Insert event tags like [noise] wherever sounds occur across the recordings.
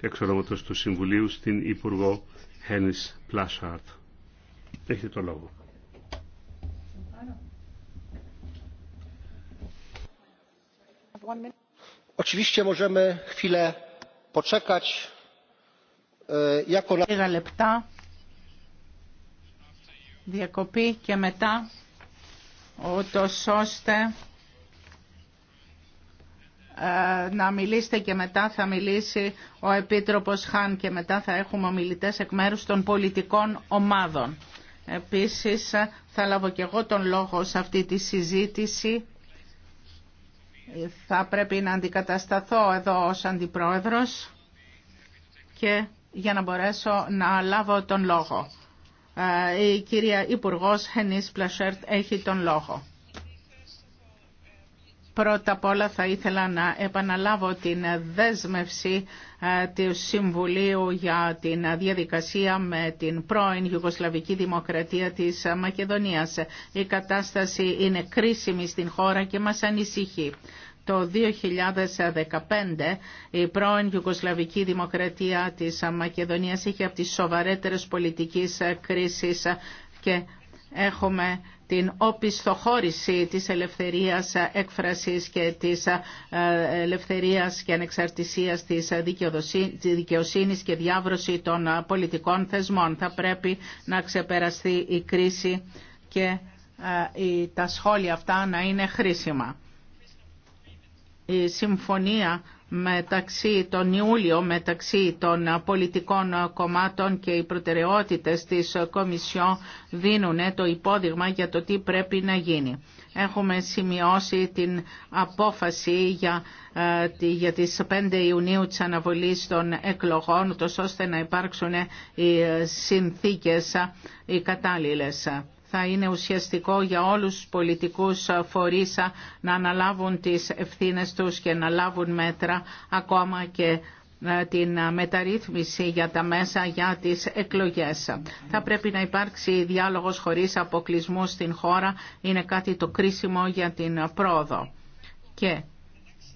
εξ ονόματος του Συμβουλίου στην Υπουργό Χένις Πλάσχαρτ. Έχετε το λόγο. Oczywiście e, Λίγα λεπτά διακοπή και μετά ούτως ώστε ε, να μιλήσετε και μετά θα μιλήσει ο Επίτροπος Χάν και μετά θα έχουμε ομιλητές εκ μέρους των πολιτικών ομάδων. Επίσης θα λάβω και εγώ τον λόγο σε αυτή τη συζήτηση. Θα πρέπει να αντικατασταθώ εδώ ως Αντιπρόεδρος και για να μπορέσω να λάβω τον λόγο. Ε, η κυρία Υπουργός Χενής Πλασέρτ έχει τον λόγο. Πρώτα απ' όλα θα ήθελα να επαναλάβω την δέσμευση ε, του Συμβουλίου για την διαδικασία με την πρώην Ιουγκοσλαβική Δημοκρατία της Μακεδονίας. Η κατάσταση είναι κρίσιμη στην χώρα και μας ανησυχεί. Το 2015 η πρώην Ιουγκοσλαβική Δημοκρατία της Μακεδονίας είχε από τις σοβαρέτερες πολιτικές κρίσεις και έχουμε την οπισθοχώρηση της ελευθερίας έκφρασης και της ε, ελευθερίας και ανεξαρτησίας της δικαιοσύνης και διάβρωση των ε, πολιτικών θεσμών. Θα πρέπει να ξεπεραστεί η κρίση και ε, τα σχόλια αυτά να είναι χρήσιμα. Η συμφωνία μεταξύ τον Ιούλιο μεταξύ των πολιτικών κομμάτων και οι προτεραιότητες της Κομισιόν δίνουν το υπόδειγμα για το τι πρέπει να γίνει. Έχουμε σημειώσει την απόφαση για, ε, για τις 5 Ιουνίου της αναβολής των εκλογών, ώστε να υπάρξουν οι ε, συνθήκες ε, οι κατάλληλες θα είναι ουσιαστικό για όλους τους πολιτικούς φορείς να αναλάβουν τις ευθύνες τους και να λάβουν μέτρα ακόμα και ε, την μεταρρύθμιση για τα μέσα για τις εκλογές. Θα πρέπει να υπάρξει διάλογος χωρίς αποκλεισμού στην χώρα. Είναι κάτι το κρίσιμο για την πρόοδο. Και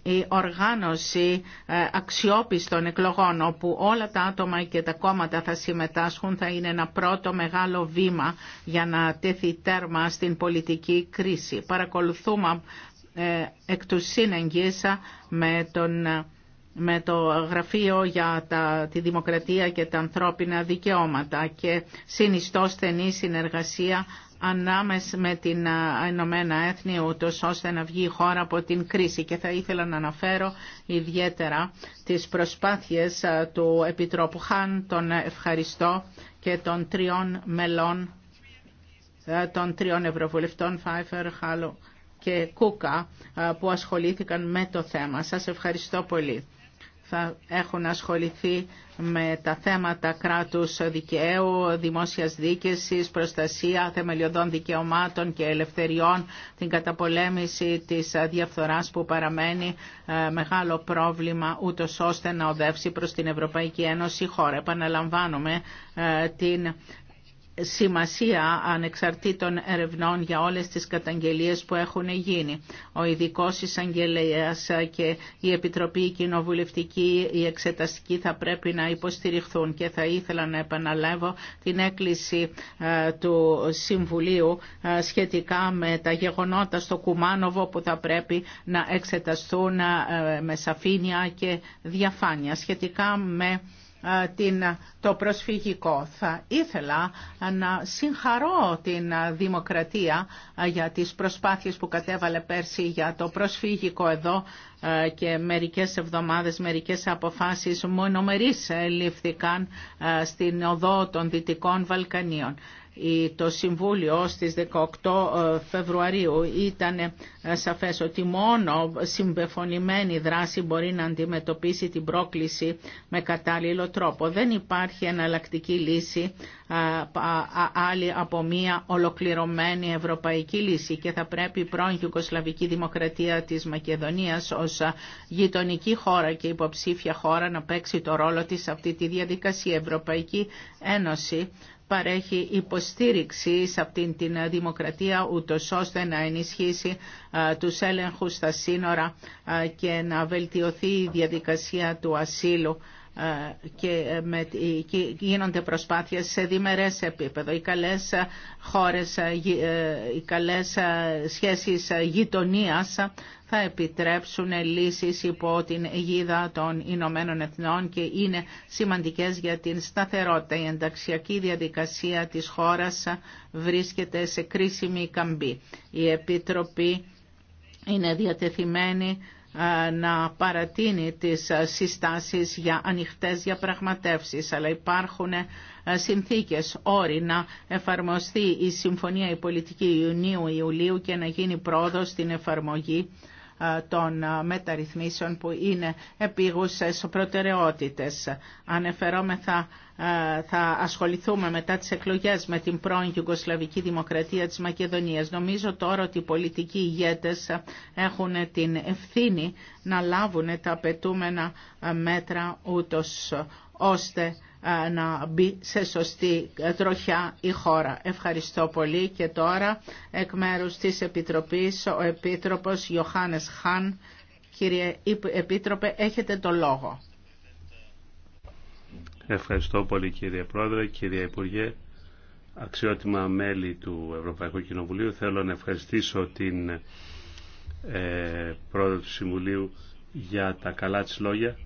η οργάνωση ε, αξιόπιστων εκλογών όπου όλα τα άτομα και τα κόμματα θα συμμετάσχουν θα είναι ένα πρώτο μεγάλο βήμα για να τέθει τέρμα στην πολιτική κρίση. Παρακολουθούμε ε, εκ του ε, με, το Γραφείο για τη Δημοκρατία και τα Ανθρώπινα Δικαιώματα και συνιστώ στενή συνεργασία ανάμεσα με την Ηνωμένα Έθνη ούτως ώστε να βγει η χώρα από την κρίση και θα ήθελα να αναφέρω ιδιαίτερα τις προσπάθειες του Επιτρόπου Χάν, τον ευχαριστώ και των τριών μελών των τριών Ευρωβουλευτών Φάιφερ, Χάλο και Κούκα που ασχολήθηκαν με το θέμα. Σας ευχαριστώ πολύ θα έχουν ασχοληθεί με τα θέματα κράτους δικαίου, δημόσιας δίκησης, προστασία θεμελιωδών δικαιωμάτων και ελευθεριών, την καταπολέμηση της διαφθοράς που παραμένει ε, μεγάλο πρόβλημα ούτω ώστε να οδεύσει προς την Ευρωπαϊκή Ένωση χώρα. Επαναλαμβάνουμε την σημασία ανεξαρτήτων ερευνών για όλες τις καταγγελίες που έχουν γίνει. Ο ειδικό εισαγγελέα και η Επιτροπή Κοινοβουλευτική, η Εξεταστική θα πρέπει να υποστηριχθούν και θα ήθελα να επαναλάβω την έκκληση ε, του Συμβουλίου ε, σχετικά με τα γεγονότα στο Κουμάνοβο που θα πρέπει να εξεταστούν ε, με σαφήνεια και διαφάνεια σχετικά με ε, την, το προσφυγικό. Θα ήθελα να συγχαρώ την Δημοκρατία ε, για τις προσπάθειες που κατέβαλε πέρσι για το προσφυγικό εδώ ε, και μερικές εβδομάδες, μερικές αποφάσεις μονομερείς λήφθηκαν στην οδό των Δυτικών Βαλκανίων το Συμβούλιο στις 18 ε, Φεβρουαρίου ήταν ε, σαφές ότι μόνο συμπεφωνημένη δράση μπορεί να αντιμετωπίσει την πρόκληση με κατάλληλο τρόπο. Δεν υπάρχει εναλλακτική λύση ε, άλλη από μια ολοκληρωμένη ευρωπαϊκή λύση και θα πρέπει η πρώην Ιουκοσλαβική Δημοκρατία της Μακεδονίας ως γειτονική χώρα και υποψήφια χώρα να παίξει το ρόλο της σε αυτή τη διαδικασία. Ευρωπαϊκή Ένωση παρέχει υποστήριξη σε αυτήν την δημοκρατία ούτως ώστε να ενισχύσει τους έλεγχους στα σύνορα και να βελτιωθεί η διαδικασία του ασύλου ε, ε, ε, και γίνονται προσπάθειες σε διμερές επίπεδο. Οι καλές χώρες, οι καλές σχέσεις γειτονίας θα επιτρέψουν λύσεις υπό την αιγίδα των Ηνωμένων Εθνών και είναι σημαντικές για την σταθερότητα. Η ενταξιακή διαδικασία της χώρας βρίσκεται σε κρίσιμη καμπή. Η Επιτροπή είναι διατεθειμένη ε, να παρατείνει τις ε, συστάσεις για ανοιχτές διαπραγματεύσεις, αλλά υπάρχουν ε, συνθήκες, όροι να εφαρμοστεί η Συμφωνία η Πολιτική Ιουνίου-Ιουλίου και να γίνει πρόοδος στην εφαρμογή των ε, μεταρρυθμίσεων που είναι επίγουσες προτεραιότητες. Ανεφερόμεθα ε, θα ασχοληθούμε μετά τις εκλογές με την πρώην Ιουγκοσλαβική Δημοκρατία της Μακεδονίας. Νομίζω τώρα ότι οι πολιτικοί ηγέτες έχουν την ευθύνη να λάβουν τα απαιτούμενα ε, μέτρα ούτως ώστε ε, να μπει σε σωστή τροχιά η χώρα. Ευχαριστώ πολύ και τώρα εκ μέρους της Επιτροπής ο Επίτροπος Ιωάννης Χάν. Κύριε Επίτροπε, έχετε το λόγο. Ευχαριστώ πολύ κύριε Πρόεδρε, κύριε Υπουργέ, αξιότιμα μέλη του Ευρωπαϊκού Κοινοβουλίου. Θέλω να ευχαριστήσω την ε, Πρόεδρο του Συμβουλίου για τα καλά της λόγια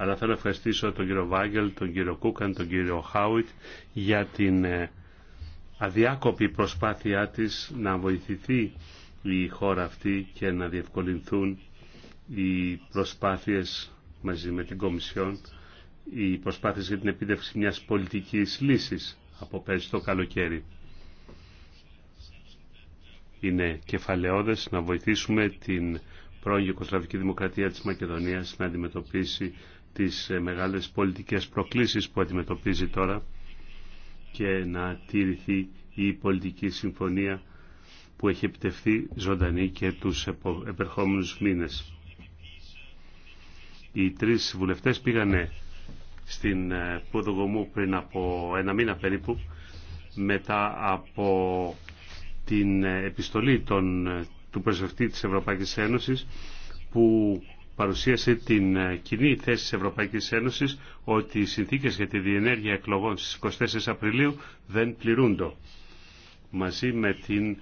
αλλά θέλω να ευχαριστήσω τον κύριο Βάγκελ, τον κύριο Κούκαν, τον κύριο Χάουιτ για την ε, αδιάκοπη προσπάθειά της να βοηθηθεί η χώρα αυτή και να διευκολυνθούν οι προσπάθειες μαζί με την Κομισιόν οι προσπάθειες για την επίτευξη μιας πολιτικής λύσης από πέρσι το καλοκαίρι. Είναι κεφαλαιόδες να βοηθήσουμε την πρώην Ιουκοσλαβική Δημοκρατία της Μακεδονίας να αντιμετωπίσει τις ε, μεγάλες πολιτικές προκλήσεις που αντιμετωπίζει τώρα και να τήρηθει η πολιτική συμφωνία που έχει επιτευχθεί ζωντανή και τους επερχόμενους μήνες. Οι τρεις βουλευτές πήγανε στην ε, Ποδογομού πριν από ένα μήνα περίπου μετά από την ε, επιστολή των, του Πρεσβευτή της Ευρωπαϊκής Ένωσης που παρουσίασε την ε, κοινή θέση της Ευρωπαϊκής Ένωσης ότι οι συνθήκες για τη διενέργεια εκλογών στις 24 Απριλίου δεν πληρούντο. Μαζί με την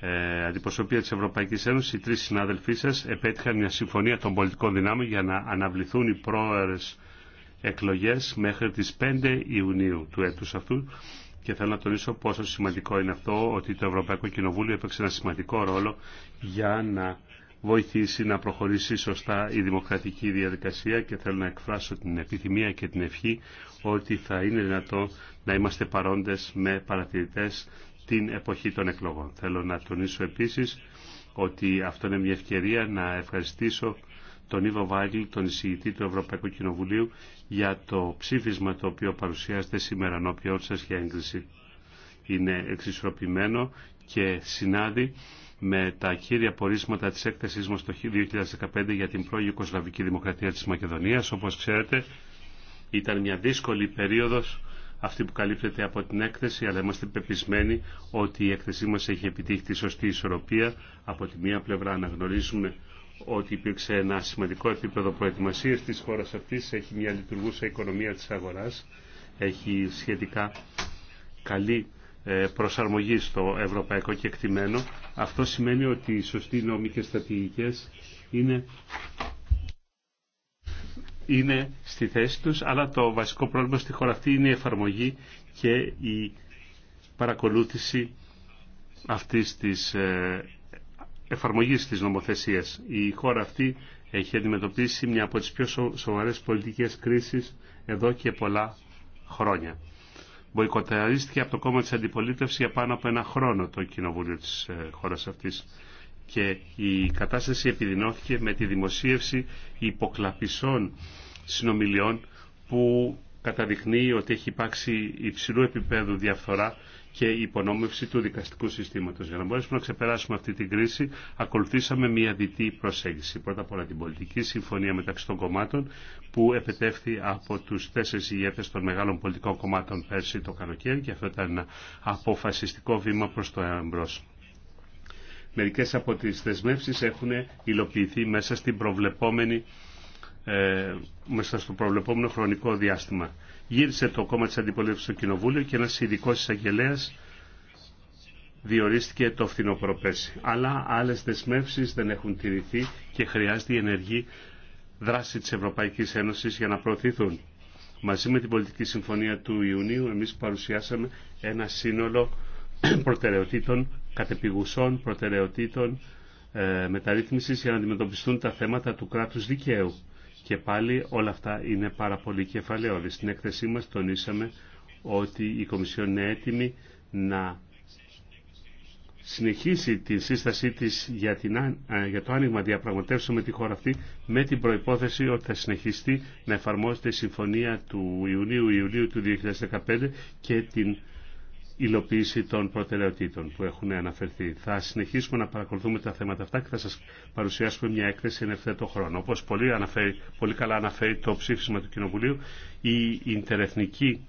ε, αντιπροσωπεία της Ευρωπαϊκής Ένωσης, οι τρεις συνάδελφοί σας επέτυχαν μια συμφωνία των πολιτικών δυνάμεων για να αναβληθούν οι πρόορες εκλογές μέχρι τις 5 Ιουνίου του έτους αυτού και θέλω να τονίσω πόσο σημαντικό είναι αυτό ότι το Ευρωπαϊκό Κοινοβούλιο έπαιξε ένα σημαντικό ρόλο για να βοηθήσει να προχωρήσει σωστά η δημοκρατική διαδικασία και θέλω να εκφράσω την επιθυμία και την ευχή ότι θα είναι δυνατό να είμαστε παρόντες με παρατηρητές την εποχή των εκλογών. Θέλω να τονίσω επίσης ότι αυτό είναι μια ευκαιρία να ευχαριστήσω τον Ιβο Βάγγλ, τον εισηγητή του Ευρωπαϊκού Κοινοβουλίου, για το ψήφισμα το οποίο παρουσιάζεται σήμερα ενώπιόν σας για έγκριση. Είναι εξισορροπημένο και συνάδει με τα κύρια πορίσματα της έκθεσής μας το 2015 για την πρώην Ιουκοσλαβική Δημοκρατία της Μακεδονίας. Όπως ξέρετε ήταν μια δύσκολη περίοδος αυτή που καλύπτεται από την έκθεση, αλλά είμαστε πεπισμένοι ότι η έκθεσή μας έχει επιτύχει τη σωστή ισορροπία. Από τη μία πλευρά αναγνωρίζουμε ότι υπήρξε ένα σημαντικό επίπεδο προετοιμασίας της χώρας αυτής, έχει μια λειτουργούσα οικονομία της αγοράς, έχει σχετικά καλή ε, προσαρμογή στο ευρωπαϊκό κεκτημένο. Αυτό σημαίνει ότι οι σωστοί νόμοι και στρατηγικές είναι, είναι στη θέση τους, αλλά το βασικό πρόβλημα στη χώρα αυτή είναι η εφαρμογή και η παρακολούθηση αυτής της ε, εφαρμογής της νομοθεσίας. Η χώρα αυτή έχει αντιμετωπίσει μια από τις πιο σοβαρές πολιτικές κρίσεις εδώ και πολλά χρόνια μποϊκοταρίστηκε από το κόμμα της αντιπολίτευσης για πάνω από ένα χρόνο το κοινοβούλιο της ε, χώρας αυτής και η κατάσταση επιδεινώθηκε με τη δημοσίευση υποκλαπισών συνομιλιών που καταδεικνύει ότι έχει υπάρξει υψηλού επίπεδου διαφθορά και η υπονόμευση του δικαστικού συστήματος. Για να μπορέσουμε να ξεπεράσουμε αυτή την κρίση, ακολουθήσαμε μια διτή προσέγγιση. Πρώτα απ' όλα την πολιτική συμφωνία μεταξύ των κομμάτων που επετεύχθη από τους τέσσερις ηγέτες των μεγάλων πολιτικών κομμάτων πέρσι το καλοκαίρι και αυτό ήταν ένα αποφασιστικό βήμα προς το εμπρό. Μερικές από τις δεσμεύσεις έχουν υλοποιηθεί μέσα στην προβλεπόμενη ε, μέσα στο προβλεπόμενο χρονικό διάστημα γύρισε το κόμμα της αντιπολίτευσης στο Κοινοβούλιο και ένας ειδικό εισαγγελέα διορίστηκε το φθινοπροπέση. Αλλά άλλες δεσμεύσεις δεν έχουν τηρηθεί και χρειάζεται η ενεργή δράση της Ευρωπαϊκής Ένωσης για να προωθηθούν. Μαζί με την πολιτική συμφωνία του Ιουνίου εμείς παρουσιάσαμε ένα σύνολο [clears throat] προτεραιοτήτων, κατεπηγουσών προτεραιοτήτων ε, μεταρρύθμισης για να αντιμετωπιστούν τα θέματα του κράτους δικαίου και πάλι όλα αυτά είναι πάρα πολύ κεφαλαίωδη. Στην έκθεσή μας τονίσαμε ότι η Κομισιόν είναι έτοιμη να συνεχίσει τη σύστασή της για, την, για το άνοιγμα διαπραγματεύσεων με τη χώρα αυτή με την προϋπόθεση ότι θα συνεχιστεί να εφαρμόζεται η συμφωνία του Ιουνίου-Ιουλίου του 2015 και την υλοποίηση των προτεραιοτήτων που έχουν αναφερθεί. Θα συνεχίσουμε να παρακολουθούμε τα θέματα αυτά και θα σας παρουσιάσουμε μια έκθεση εν ευθέτω χρόνο. Όπως πολύ, πολύ καλά αναφέρει το ψήφισμα του Κοινοβουλίου, η Ιντερεθνική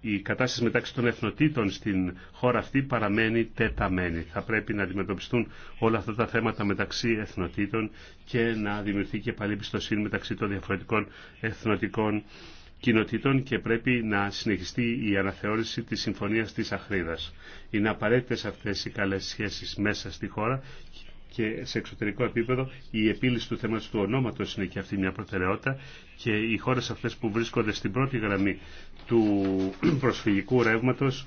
η κατάσταση μεταξύ των εθνοτήτων στην χώρα αυτή παραμένει τεταμένη. Θα πρέπει να αντιμετωπιστούν όλα αυτά τα θέματα μεταξύ εθνοτήτων και να δημιουργηθεί και πάλι εμπιστοσύνη μεταξύ των διαφορετικών εθνοτικών κοινοτήτων και πρέπει να συνεχιστεί η αναθεώρηση της Συμφωνίας της Αχρίδας. Είναι απαραίτητες αυτές οι καλές σχέσεις μέσα στη χώρα και σε εξωτερικό επίπεδο η επίλυση του θέματος του ονόματος είναι και αυτή μια προτεραιότητα και οι χώρες αυτές που βρίσκονται στην πρώτη γραμμή του [clears throat] προσφυγικού ρεύματος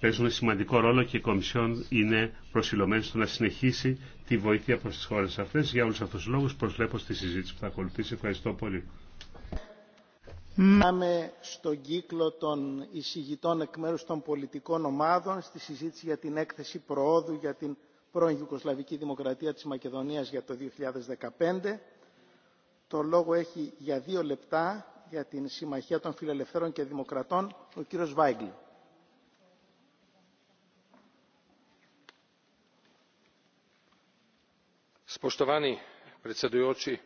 παίζουν σημαντικό ρόλο και η Κομισιόν είναι προσιλωμένη στο να συνεχίσει τη βοήθεια προς τις χώρες αυτές. Για όλους αυτούς τους λόγους προσβλέπω στη συζήτηση που θα ακολουθήσει. Ευχαριστώ πολύ. Πάμε στον κύκλο των εισηγητών εκ μέρους των πολιτικών ομάδων στη συζήτηση για την έκθεση προόδου για την πρώην Ιουκοσλαβική Δημοκρατία της Μακεδονίας για το 2015. Το λόγο έχει για δύο λεπτά για την Συμμαχία των Φιλελευθέρων και Δημοκρατών ο κύριος Βάγκλη.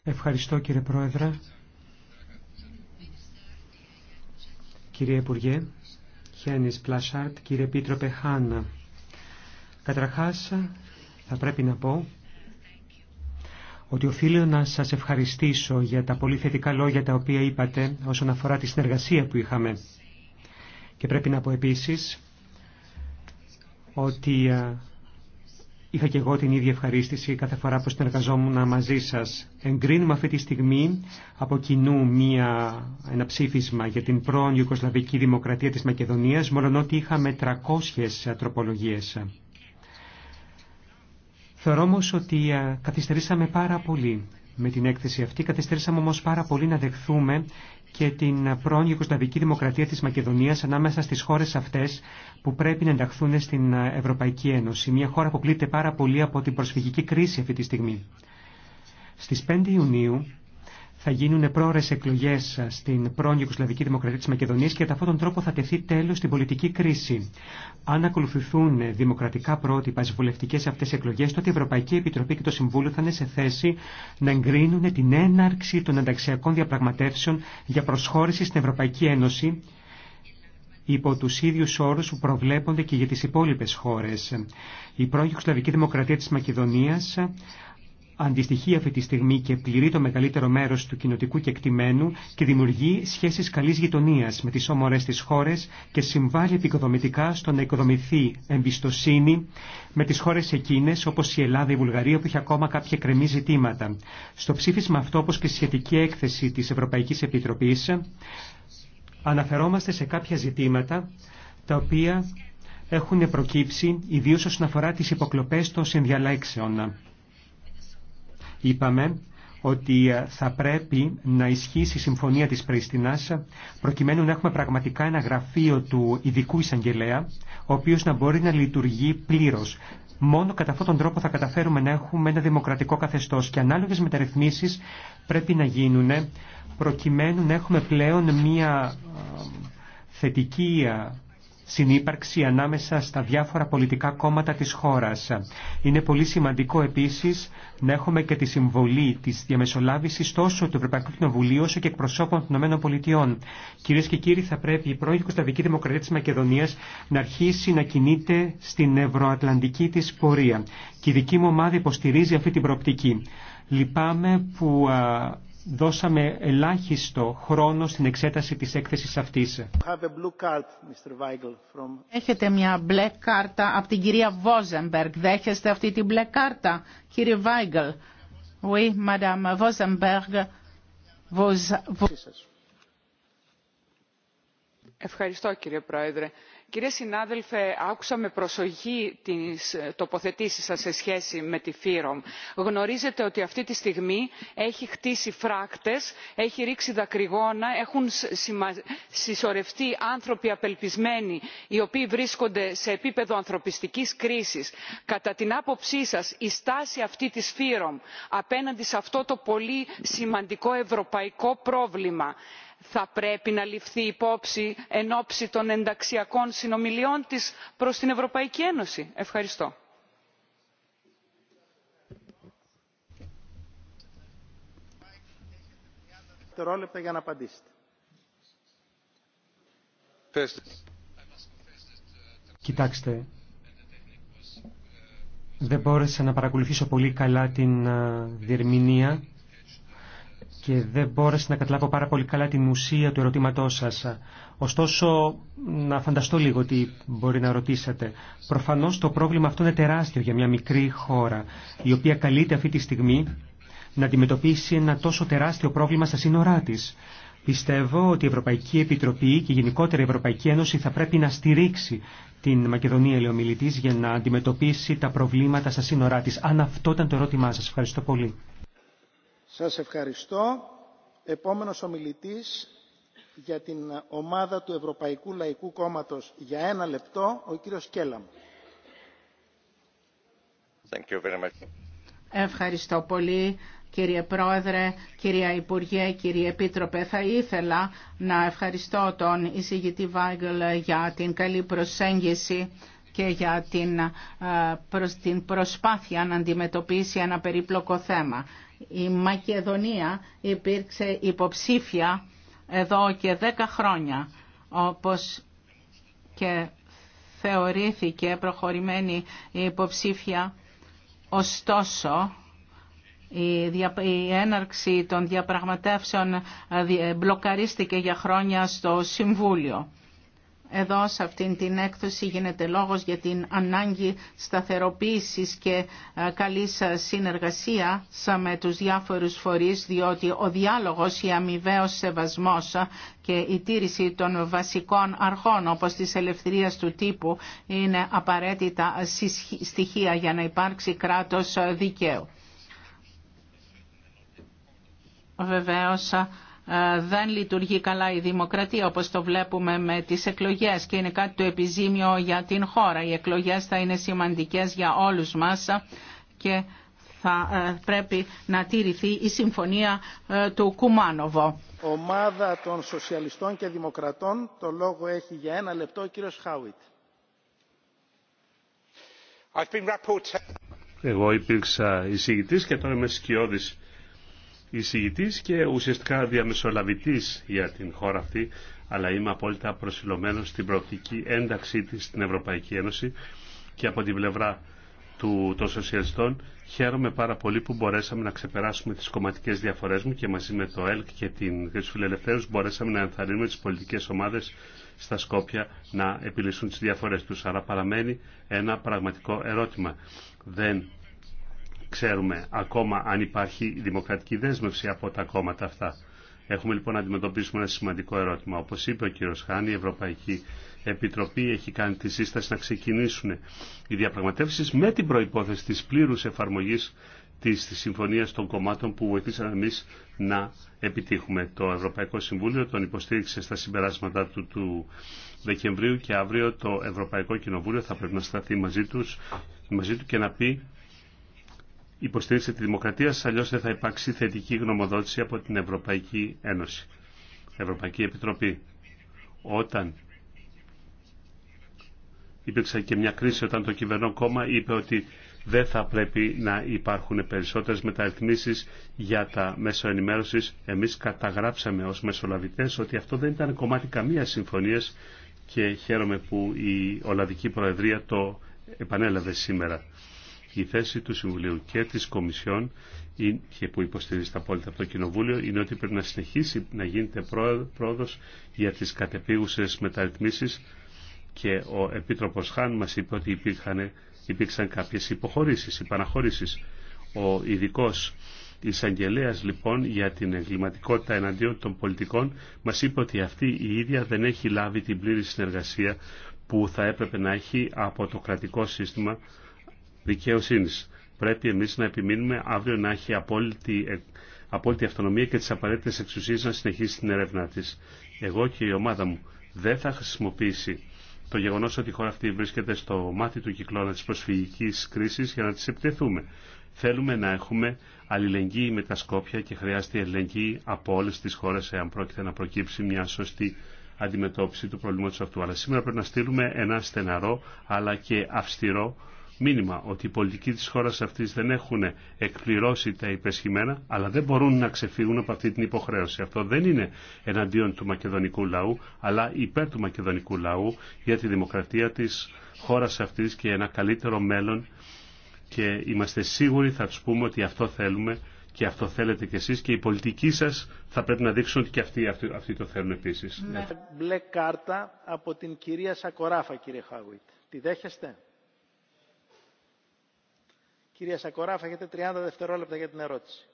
Ευχαριστώ κύριε Πρόεδρε. Κύριε Υπουργέ, Χένις Πλασάρτ, κύριε Πίτροπε Χάνα. Καταρχάς, θα πρέπει να πω ότι οφείλω να σας ευχαριστήσω για τα πολύ θετικά λόγια τα οποία είπατε όσον αφορά τη συνεργασία που είχαμε. Και πρέπει να πω επίσης ότι ε, Είχα και εγώ την ίδια ευχαρίστηση κάθε φορά που συνεργαζόμουν μαζί σας. Εγκρίνουμε αυτή τη στιγμή από κοινού μία, ένα ψήφισμα για την πρώην Ιουκοσλαβική Δημοκρατία της Μακεδονίας, μόλον ότι είχαμε 300 τροπολογίες. Θεωρώ όμω ότι ε, καθυστερήσαμε πάρα πολύ με την έκθεση αυτή. Καθυστερήσαμε όμως πάρα πολύ να δεχθούμε και την πρώην Ιουγκοσλαβική Δημοκρατία της Μακεδονίας ανάμεσα στις χώρες αυτές που πρέπει να ενταχθούν στην Ευρωπαϊκή Ένωση. Μια χώρα που πλήττεται πάρα πολύ από την προσφυγική κρίση αυτή τη στιγμή. Στις 5 Ιουνίου θα γίνουν πρόορες εκλογές στην πρώην Ιουγκοσλαβική Δημοκρατία της Μακεδονίας και κατά αυτόν τον τρόπο θα τεθεί τέλος στην πολιτική κρίση. Αν ακολουθηθούν δημοκρατικά πρότυπα στις βουλευτικές αυτές εκλογές, τότε η Ευρωπαϊκή Επιτροπή και το Συμβούλιο θα είναι σε θέση να εγκρίνουν την έναρξη των ενταξιακών διαπραγματεύσεων για προσχώρηση στην Ευρωπαϊκή Ένωση υπό τους ίδιους όρους που προβλέπονται και για τις υπόλοιπε χώρε. Η πρώην Ιουγκοσλαβική Δημοκρατία της Μακεδονίας αντιστοιχεί αυτή τη στιγμή και πληρεί το μεγαλύτερο μέρο του κοινοτικού κεκτημένου και δημιουργεί σχέσει καλή γειτονία με τι όμορε τη χώρε και συμβάλλει επικοδομητικά στο να οικοδομηθεί εμπιστοσύνη με τι χώρε εκείνε όπω η Ελλάδα, η Βουλγαρία που έχει ακόμα κάποια κρεμή ζητήματα. Στο ψήφισμα αυτό, όπω και στη σχετική έκθεση τη Ευρωπαϊκή Επιτροπή, αναφερόμαστε σε κάποια ζητήματα τα οποία έχουν προκύψει ιδίως όσον αφορά τις υποκλοπές των συνδιαλέξεων. Είπαμε ότι ε, θα πρέπει να ισχύσει η συμφωνία της Πρίστινας προκειμένου να έχουμε πραγματικά ένα γραφείο του ειδικού εισαγγελέα ο οποίος να μπορεί να λειτουργεί πλήρως. Μόνο κατά αυτόν τον τρόπο θα καταφέρουμε να έχουμε ένα δημοκρατικό καθεστώς και ανάλογες μεταρρυθμίσεις πρέπει να γίνουν προκειμένου να έχουμε πλέον μια ε, θετική ε, συνύπαρξη ανάμεσα στα διάφορα πολιτικά κόμματα της χώρας. Είναι πολύ σημαντικό επίσης να έχουμε και τη συμβολή της διαμεσολάβησης τόσο του Ευρωπαϊκού Κοινοβουλίου όσο και εκπροσώπων των ΗΠΑ. Κυρίες και κύριοι, θα πρέπει η πρώην Κωνσταντική Δημοκρατία της Μακεδονίας να αρχίσει να κινείται στην ευρωατλαντική της πορεία. Και η δική μου ομάδα υποστηρίζει αυτή την προοπτική. Λυπάμαι που δώσαμε ελάχιστο χρόνο στην εξέταση της έκθεσης αυτής. Έχετε μια μπλε κάρτα από την κυρία Βόζεμπεργκ. Δέχεστε αυτή την μπλε κάρτα, κύριε Βάιγκελ. Oui, madame Βόζεμπεργκ. Ευχαριστώ κύριε Πρόεδρε. Κύριε συνάδελφε, άκουσα με προσοχή τις ε, τοποθετήσεις σας σε σχέση με τη Φύρομ. Γνωρίζετε ότι αυτή τη στιγμή έχει χτίσει φράκτες, έχει ρίξει δακρυγόνα, έχουν συσσωρευτεί άνθρωποι απελπισμένοι, οι οποίοι βρίσκονται σε επίπεδο ανθρωπιστικής κρίσης. Κατά την άποψή σας, η στάση αυτή της Φύρομ απέναντι σε αυτό το πολύ σημαντικό ευρωπαϊκό πρόβλημα θα πρέπει να ληφθεί υπόψη εν ώψη των ενταξιακών συνομιλιών της προς την ευρωπαϊκή ένωση. ευχαριστώ. Για να απαντήσετε. Κοιτάξτε, δεν μπόρεσα να παρακολουθήσω πολύ καλά την ε, διερμηνία και δεν μπόρεσα να καταλάβω πάρα πολύ καλά την ουσία του ερωτήματός σας. Ωστόσο, να φανταστώ λίγο τι μπορεί να ρωτήσατε. Προφανώς το πρόβλημα αυτό είναι τεράστιο για μια μικρή χώρα, η οποία καλείται αυτή τη στιγμή να αντιμετωπίσει ένα τόσο τεράστιο πρόβλημα στα σύνορά της. Πιστεύω ότι η Ευρωπαϊκή Επιτροπή και γενικότερα η Ευρωπαϊκή Ένωση θα πρέπει να στηρίξει την Μακεδονία, λέει για να αντιμετωπίσει τα προβλήματα στα σύνορά της. Αν αυτό ήταν το ερώτημά σας. Ευχαριστώ πολύ. Σας ευχαριστώ. Επόμενος ομιλητής για την ομάδα του Ευρωπαϊκού Λαϊκού Κόμματος για ένα λεπτό, ο κύριος Κέλαμ. Ευχαριστώ πολύ. Κύριε Πρόεδρε, κυρία Υπουργέ, κύριε Επίτροπε, θα ήθελα να ευχαριστώ τον εισηγητή Βάγγελ για την καλή προσέγγιση και για την, ε, την προσπάθεια να αντιμετωπίσει ένα περίπλοκο θέμα. Η Μακεδονία υπήρξε υποψήφια εδώ και δέκα χρόνια, όπως και θεωρήθηκε προχωρημένη υποψήφια. Ωστόσο, η έναρξη των διαπραγματεύσεων ε, μπλοκαρίστηκε για χρόνια στο Συμβούλιο. Εδώ σε αυτήν την έκθεση γίνεται λόγος για την ανάγκη σταθεροποίησης και ε, καλής συνεργασία με τους διάφορους φορείς, διότι ο διάλογος, η αμοιβαίος σεβασμός και η τήρηση των βασικών αρχών όπως της ελευθερίας του τύπου είναι απαραίτητα στοιχεία για να υπάρξει κράτος δικαίου. Βεβαίως, ε, δεν λειτουργεί καλά η δημοκρατία όπως το βλέπουμε με τις εκλογές και είναι κάτι το επιζήμιο για την χώρα. Οι εκλογές θα είναι σημαντικές για όλους μας και θα ε, πρέπει να τηρηθεί η συμφωνία ε, του Κουμάνοβο. Ομάδα των Σοσιαλιστών και Δημοκρατών, το λόγο έχει για ένα λεπτό ο κύριος Εγώ υπήρξα εισηγητής και τώρα είμαι σκιώδης εισηγητής και ουσιαστικά διαμεσολαβητής για την χώρα αυτή, αλλά είμαι απόλυτα προσιλωμένος στην προοπτική ένταξή της στην Ευρωπαϊκή Ένωση και από την πλευρά του, των σοσιαλιστών χαίρομαι πάρα πολύ που μπορέσαμε να ξεπεράσουμε τις κομματικές διαφορές μου και μαζί με το ΕΛΚ και, την, και τους φιλελευθέρους μπορέσαμε να ενθαρρύνουμε τις πολιτικές ομάδες στα Σκόπια να επιλύσουν τις διαφορές τους. Άρα παραμένει ένα πραγματικό ερώτημα. Δεν ξέρουμε ακόμα αν υπάρχει δημοκρατική δέσμευση από τα κόμματα αυτά. Έχουμε λοιπόν να αντιμετωπίσουμε ένα σημαντικό ερώτημα. Όπω είπε ο κύριο Χάνη, η Ευρωπαϊκή Επιτροπή έχει κάνει τη σύσταση να ξεκινήσουν οι διαπραγματεύσει με την προπόθεση τη πλήρου εφαρμογή τη συμφωνία των κομμάτων που βοηθήσαμε εμεί να επιτύχουμε. Το Ευρωπαϊκό Συμβούλιο τον υποστήριξε στα συμπεράσματα του, του Δεκεμβρίου και αύριο το Ευρωπαϊκό Κοινοβούλιο θα πρέπει να σταθεί μαζί του και να πει υποστήριξε τη δημοκρατία σας, αλλιώς δεν θα υπάρξει θετική γνωμοδότηση από την Ευρωπαϊκή Ένωση. Ευρωπαϊκή Επιτροπή. Όταν υπήρξε και μια κρίση όταν το κυβερνό κόμμα είπε ότι δεν θα πρέπει να υπάρχουν περισσότερες μεταρρυθμίσεις για τα μέσα ενημέρωσης. Εμείς καταγράψαμε ως μεσολαβητές ότι αυτό δεν ήταν κομμάτι καμία συμφωνίας και χαίρομαι που η Ολλανδική Προεδρία το επανέλαβε σήμερα. Η θέση του Συμβουλίου και της Κομισιόν και που υποστηρίζει τα απόλυτα από το Κοινοβούλιο είναι ότι πρέπει να συνεχίσει να γίνεται πρόοδος για τις κατεπίγουσες μεταρρυθμίσεις και ο Επίτροπος Χάν μας είπε ότι υπήρχαν, υπήρξαν κάποιες υποχωρήσεις, υπαναχωρήσεις. Ο ειδικό εισαγγελέα λοιπόν για την εγκληματικότητα εναντίον των πολιτικών μας είπε ότι αυτή η ίδια δεν έχει λάβει την πλήρη συνεργασία που θα έπρεπε να έχει από το κρατικό σύστημα Δικαιοσύνη, Πρέπει εμεί να επιμείνουμε αύριο να έχει απόλυτη, ε, απόλυτη αυτονομία και τι απαραίτητε εξουσίε να συνεχίσει την ερευνά τη, Εγώ και η ομάδα μου δεν θα χρησιμοποιήσει το γεγονό ότι η χώρα αυτή βρίσκεται στο μάτι του κυκλώνα τη προσφυγική κρίση για να τη επιτεθούμε. Θέλουμε να έχουμε αλληλεγγύη με τα Σκόπια και χρειάζεται αλληλεγγύη από όλε τι χώρε εάν πρόκειται να προκύψει μια σωστή αντιμετώπιση του προβλήματο αυτού. Αλλά σήμερα πρέπει να στείλουμε ένα στεναρό αλλά και αυστηρό μήνυμα ότι οι πολιτικοί της χώρας αυτής δεν έχουν εκπληρώσει τα υπεσχημένα, αλλά δεν μπορούν να ξεφύγουν από αυτή την υποχρέωση. Αυτό δεν είναι εναντίον του μακεδονικού λαού, αλλά υπέρ του μακεδονικού λαού για τη δημοκρατία της χώρας αυτής και ένα καλύτερο μέλλον και είμαστε σίγουροι θα τους πούμε ότι αυτό θέλουμε και αυτό θέλετε κι εσείς και οι πολιτικοί σας θα πρέπει να δείξουν ότι και αυτοί, αυτοί, το θέλουν επίσης. Ναι. Μπλε κάρτα από την κυρία Σακοράφα κύριε Χάουιτ. Τη δέχεστε? Κυρία Σακοράφα, έχετε 30 δευτερόλεπτα για την ερώτηση.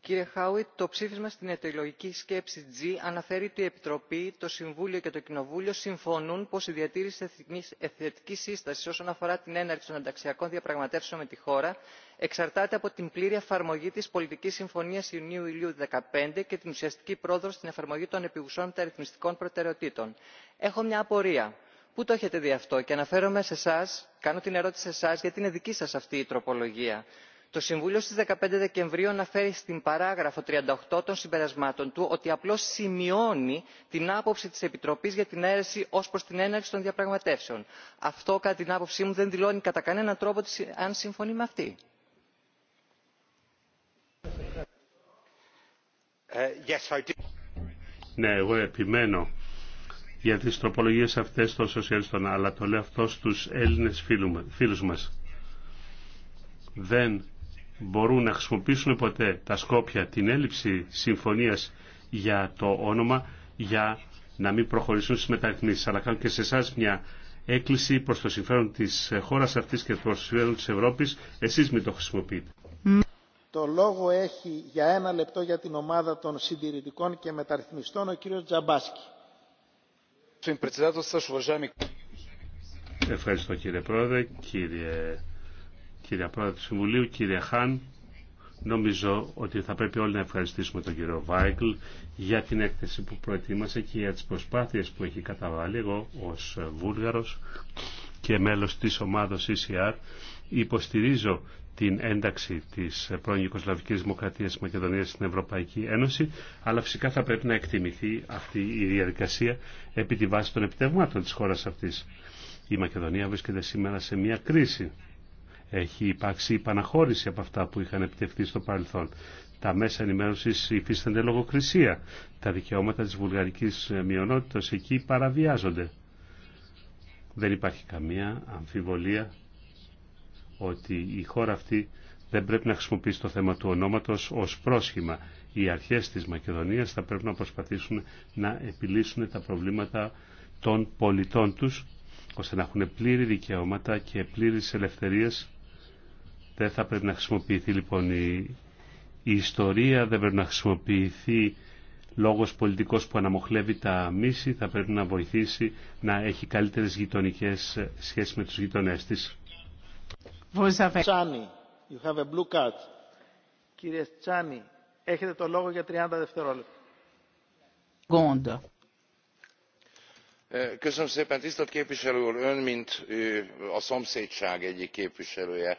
Κύριε Χάουιτ, το ψήφισμα στην αιτιολογική σκέψη G αναφέρει ότι η Επιτροπή, το Συμβούλιο και το Κοινοβούλιο συμφωνούν πω η διατήρηση εθνική σύσταση όσον αφορά την έναρξη των ενταξιακών διαπραγματεύσεων με τη χώρα εξαρτάται από την πλήρη εφαρμογή τη πολιτική συμφωνία Ιουνίου Ιουνίου-Ιλίου 2015 και την ουσιαστική πρόοδο στην εφαρμογή των επιγουσών μεταρρυθμιστικών προτεραιοτήτων. Έχω μια απορία Πού το έχετε δει αυτό και αναφέρομαι σε εσά, κάνω την ερώτηση σε εσά γιατί είναι δική σα αυτή η τροπολογία. Το Συμβούλιο στι 15 Δεκεμβρίου αναφέρει στην παράγραφο 38 των συμπερασμάτων του ότι απλώ σημειώνει την άποψη τη Επιτροπή για την αίρεση ω προ την έναρξη των διαπραγματεύσεων. Αυτό, κατά την άποψή μου, δεν δηλώνει κατά κανέναν τρόπο αν συμφωνεί με αυτή. Ε, ναι, εγώ επιμένω για τις τροπολογίες αυτές των σοσιαλιστών, αλλά το λέω αυτό στους Έλληνες φίλους μας. Δεν μπορούν να χρησιμοποιήσουν ποτέ τα Σκόπια την έλλειψη συμφωνίας για το όνομα για να μην προχωρήσουν στις μεταρρυθμίσεις. Αλλά κάνω και σε εσά μια έκκληση προς το συμφέρον της χώρας αυτής και προς το συμφέρον της Ευρώπης. Εσείς μην το χρησιμοποιείτε. Το λόγο έχει για ένα λεπτό για την ομάδα των συντηρητικών και μεταρρυθμιστών ο κύριος Τζαμπάσκι. Ευχαριστώ κύριε Πρόεδρε, κύριε, κύριε Πρόεδρε του Συμβουλίου, κύριε Χάν. Νομίζω ότι θα πρέπει όλοι να ευχαριστήσουμε τον κύριο Βάικλ για την έκθεση που προετοίμασε και για τις προσπάθειες που έχει καταβάλει εγώ ως Βούλγαρος και μέλος της ομάδος ECR, υποστηρίζω την ένταξη της πρώην Ιουκοσλαβικής Δημοκρατίας της Μακεδονίας στην Ευρωπαϊκή Ένωση, αλλά φυσικά θα πρέπει να εκτιμηθεί αυτή η διαδικασία επί τη βάση των επιτευγμάτων της χώρας αυτής. Η Μακεδονία βρίσκεται σήμερα σε μια κρίση. Έχει υπάρξει υπαναχώρηση από αυτά που είχαν επιτευχθεί στο παρελθόν. Τα μέσα ενημέρωση υφίστανται λογοκρισία. Τα δικαιώματα τη βουλγαρική μειονότητα εκεί παραβιάζονται. Δεν υπάρχει καμία αμφιβολία ότι η χώρα αυτή δεν πρέπει να χρησιμοποιήσει το θέμα του ονόματος ως πρόσχημα. Οι αρχές της Μακεδονίας θα πρέπει να προσπαθήσουν να επιλύσουν τα προβλήματα των πολιτών τους, ώστε να έχουν πλήρη δικαιώματα και πλήρης ελευθερίες. Δεν θα πρέπει να χρησιμοποιηθεί λοιπόν η ιστορία, δεν πρέπει να χρησιμοποιηθεί λόγος πολιτικός που αναμοχλεύει τα μίση θα πρέπει να βοηθήσει να έχει καλύτερες γειτονικές σχέσεις με τους γειτονές της. Τσάνι, you have a blue card. Κύριε Τσάνι, έχετε το λόγο για 30 δευτερόλεπτα. Γόντα. Ε, köszönöm szépen, tisztelt képviselő úr, ön, mint a szomszédság egyik képviselője.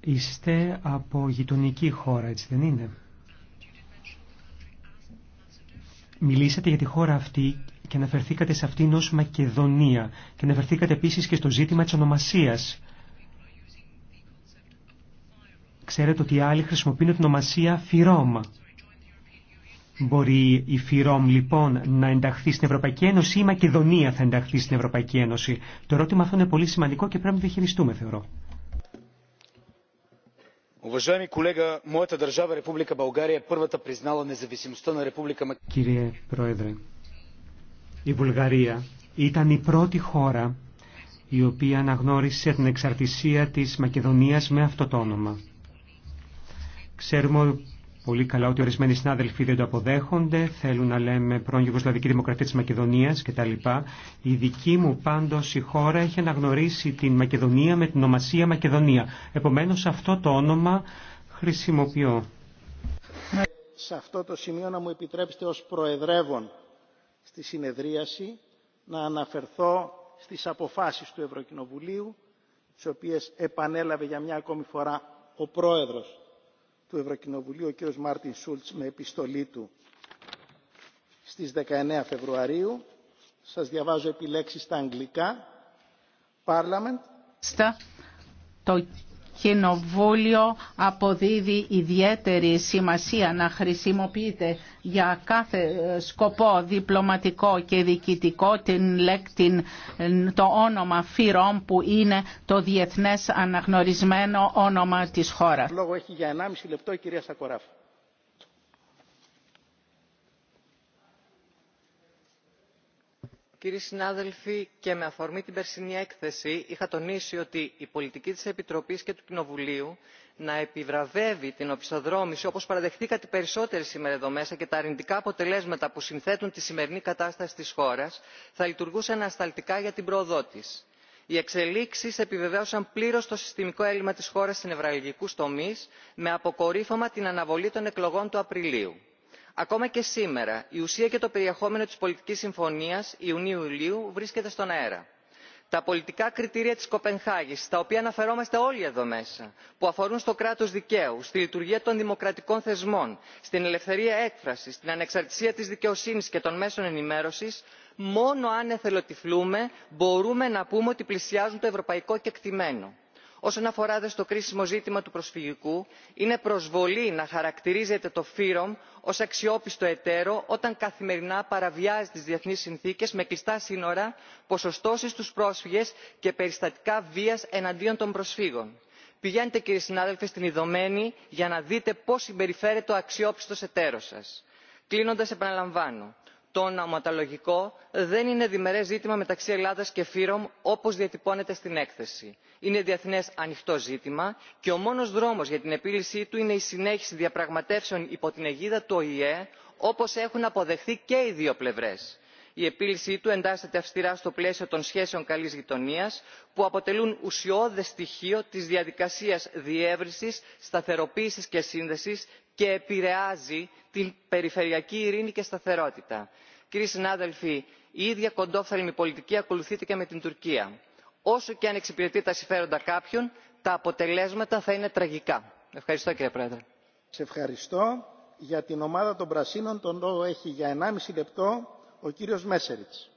Είστε από γειτονική χώρα, έτσι δεν είναι. Μιλήσατε για τη χώρα αυτή και αναφερθήκατε σε αυτήν ως Μακεδονία και αναφερθήκατε επίσης και στο ζήτημα της ονομασίας. Ξέρετε ότι οι άλλοι χρησιμοποιούν την ονομασία Φιρόμ. Μπορεί η Φιρόμ λοιπόν να ενταχθεί στην Ευρωπαϊκή Ένωση ή η Μακεδονία θα ενταχθεί στην Ευρωπαϊκή Ένωση. Το ερώτημα αυτό είναι πολύ σημαντικό και πρέπει να το θεωρώ. Уважаеми колега, моята държава Република България е първата признала независимостта на Република Македония. И България, η Βουλγαρία ήταν η πρώτη χώρα η οποία αναγνώρισε την εξαρτησία της Μακεδονίας με αυτό το όνομα. Ξέρουμε πολύ καλά ότι ορισμένοι συνάδελφοι δεν το αποδέχονται, θέλουν να λέμε πρώην Ιουγκοσλαβική Δημοκρατία τη Μακεδονία κτλ. Η δική μου πάντω η χώρα έχει αναγνωρίσει την Μακεδονία με την ομασία Μακεδονία. Επομένω αυτό το όνομα χρησιμοποιώ. Σε αυτό το σημείο να μου επιτρέψετε ως προεδρεύων στη συνεδρίαση να αναφερθώ στις αποφάσεις του Ευρωκοινοβουλίου τις οποίες επανέλαβε για μια ακόμη φορά ο πρόεδρος του Ευρωκοινοβουλίου, ο κ. Μάρτιν Σούλτς, με επιστολή του στις 19 Φεβρουαρίου. Σας διαβάζω επιλέξεις στα αγγλικά. Parliament. το Κοινοβούλιο αποδίδει ιδιαίτερη σημασία να χρησιμοποιείται για κάθε ε, σκοπό διπλωματικό και διοικητικό την, ε, το όνομα ΦΥΡΟΜ που είναι το διεθνές αναγνωρισμένο όνομα της χώρας. Λόγο έχει για 1,5 λεπτό η κυρία Σακοράφα. κύριοι συνάδελφοι και με αφορμή την περσινή έκθεση είχα τονίσει ότι η πολιτική της επιτροπής και του κοινοβουλίου να επιβραβεύει την οπισθοδρόμηση όπως παραδεχτήκατε περισσότεροι σήμερα εδώ μέσα και τα αρνητικά αποτελέσματα που συνθέτουν τη σημερινή κατάσταση της χώρας θα λειτουργούσε ανασταλτικά για την πρόοδό της. οι εξελίξεις επιβεβαίωσαν πλήρως το συστημικό έλλειμμα της χώρας σε νευραλγικούς τομείς με αποκορύφωμα την αναβολή των εκλογών του απριλίου ακόμα και σήμερα η ουσία και το περιεχόμενο της πολιτικής συμφωνίας ιουνίου ιουλίου βρίσκεται στον αέρα. τα πολιτικά κριτήρια της κοπενχάγης στα οποία αναφερόμαστε όλοι εδώ μέσα που αφορούν στο κράτος δικαίου στη λειτουργία των δημοκρατικών θεσμών στην ελευθερία έκφρασης στην ανεξαρτησία της δικαιοσύνης και των μέσων ενημέρωσης μόνο αν εθελοτυφλούμε μπορούμε να πούμε ότι πλησιάζουν το ευρωπαϊκό κεκτημένο όσον αφορά δε στο κρίσιμο ζήτημα του προσφυγικού είναι προσβολή να χαρακτηρίζεται το φύρομ ω αξιόπιστο εταίρο όταν καθημερινά παραβιάζει τι διεθνεί συνθήκε με κλειστά σύνορα ποσοστώσει στου πρόσφυγε και περιστατικά βία εναντίον των προσφύγων. πηγαίνετε κύριε συνάδελφοι στην Ιδωμένη για να δείτε πώ συμπεριφέρεται ο αξιόπιστο εταίρο σα. κλείνοντα επαναλαμβάνω το ναυματολογικό δεν είναι διμερέ ζήτημα μεταξύ ελλάδας και φύρομ όπως διατυπώνεται στην έκθεση. είναι διεθνές ανοιχτό ζήτημα και ο μόνος δρόμος για την επίλυσή του είναι η συνέχιση διαπραγματεύσεων υπό την αιγίδα του οηε όπως έχουν αποδεχθεί και οι δύο πλευρές η επίλυσή του εντάσσεται αυστηρά στο πλαίσιο των σχέσεων καλής γειτονίας που αποτελούν ουσιώδες στοιχείο της διαδικασίας διεύρυνσης σταθεροποίησης και σύνδεσης και επηρεάζει την περιφερειακή ειρήνη και σταθερότητα. Κύριοι συνάδελφοι, η ίδια κοντόφθαλμη πολιτική ακολουθείται και με την Τουρκία. Όσο και αν εξυπηρετεί τα συμφέροντα κάποιων, τα αποτελέσματα θα είναι τραγικά. Ευχαριστώ κύριε Πρόεδρε. Σε ευχαριστώ. Για την ομάδα των Πρασίνων τον λόγο έχει για 1,5 λεπτό ο κύριος Μέσεριτς.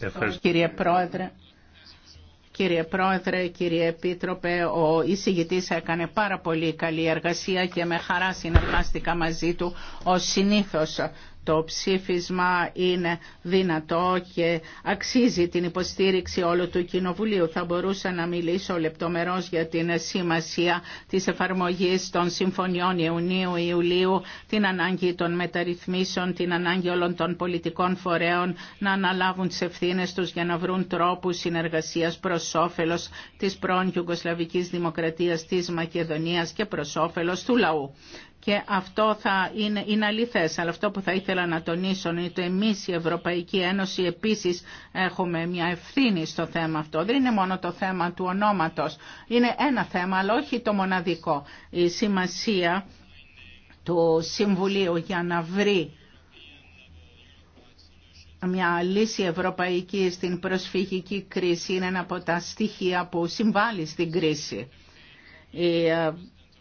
Ευχαριστώ, κύριε Πρόεδρε. Κύριε Επίτροπε, ο εισηγητής έκανε πάρα πολύ καλή εργασία και με χαρά συνεργάστηκα μαζί του Ο συνήθως το ψήφισμα είναι δυνατό και αξίζει την υποστήριξη όλου του Κοινοβουλίου. Θα μπορούσα να μιλήσω λεπτομερώς για την σημασία της εφαρμογής των συμφωνιών Ιουνίου-Ιουλίου, την ανάγκη των μεταρρυθμίσεων, την ανάγκη όλων των πολιτικών φορέων να αναλάβουν τις ευθύνε τους για να βρουν τρόπους συνεργασίας προς όφελος της πρώην Ιουγκοσλαβικής Δημοκρατίας της Μακεδονίας και προς όφελος του λαού και αυτό θα είναι, είναι αληθές. Αλλά αυτό που θα ήθελα να τονίσω είναι ότι εμείς η Ευρωπαϊκή Ένωση επίσης έχουμε μια ευθύνη στο θέμα αυτό. Δεν είναι μόνο το θέμα του ονόματος. Είναι ένα θέμα, αλλά όχι το μοναδικό. Η σημασία του Συμβουλίου για να βρει μια λύση ευρωπαϊκή στην προσφυγική κρίση είναι ένα από τα στοιχεία που συμβάλλει στην κρίση. Ε,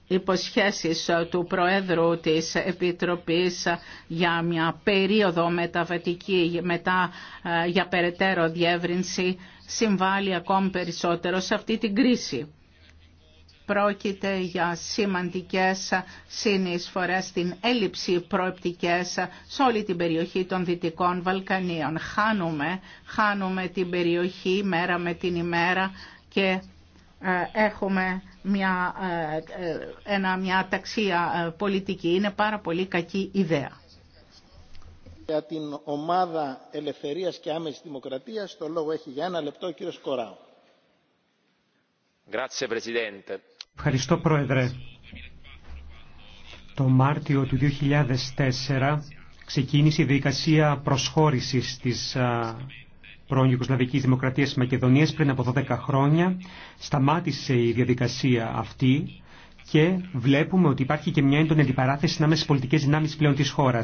υποσχέσεις ε, του Προέδρου της Επιτροπής για μια περίοδο μεταβατική μετά ε, για περαιτέρω διεύρυνση συμβάλλει ακόμη περισσότερο σε αυτή την κρίση. Πρόκειται για σημαντικές συνεισφορές στην έλλειψη προεπτικές σε όλη την περιοχή των Δυτικών Βαλκανίων. Χάνουμε, χάνουμε την περιοχή μέρα με την ημέρα και ε, έχουμε μια, ε, ε, ένα, μια ταξία πολιτική. Είναι πάρα πολύ κακή ιδέα. Για την ομάδα Ελευθερίας και Άμεσης Δημοκρατίας, το λόγο έχει για ένα λεπτό ο κύριος Κοράου. Ευχαριστώ Πρόεδρε. Το Μάρτιο του 2004 ξεκίνησε η διαδικασία προσχώρησης της πρώην Ιουγκοσλαβικής Δημοκρατία της Μακεδονίας πριν από 12 χρόνια. Σταμάτησε η διαδικασία αυτή και βλέπουμε ότι υπάρχει και μια έντονη αντιπαράθεση ανάμεσα στι πολιτικέ δυνάμει πλέον της χώρα.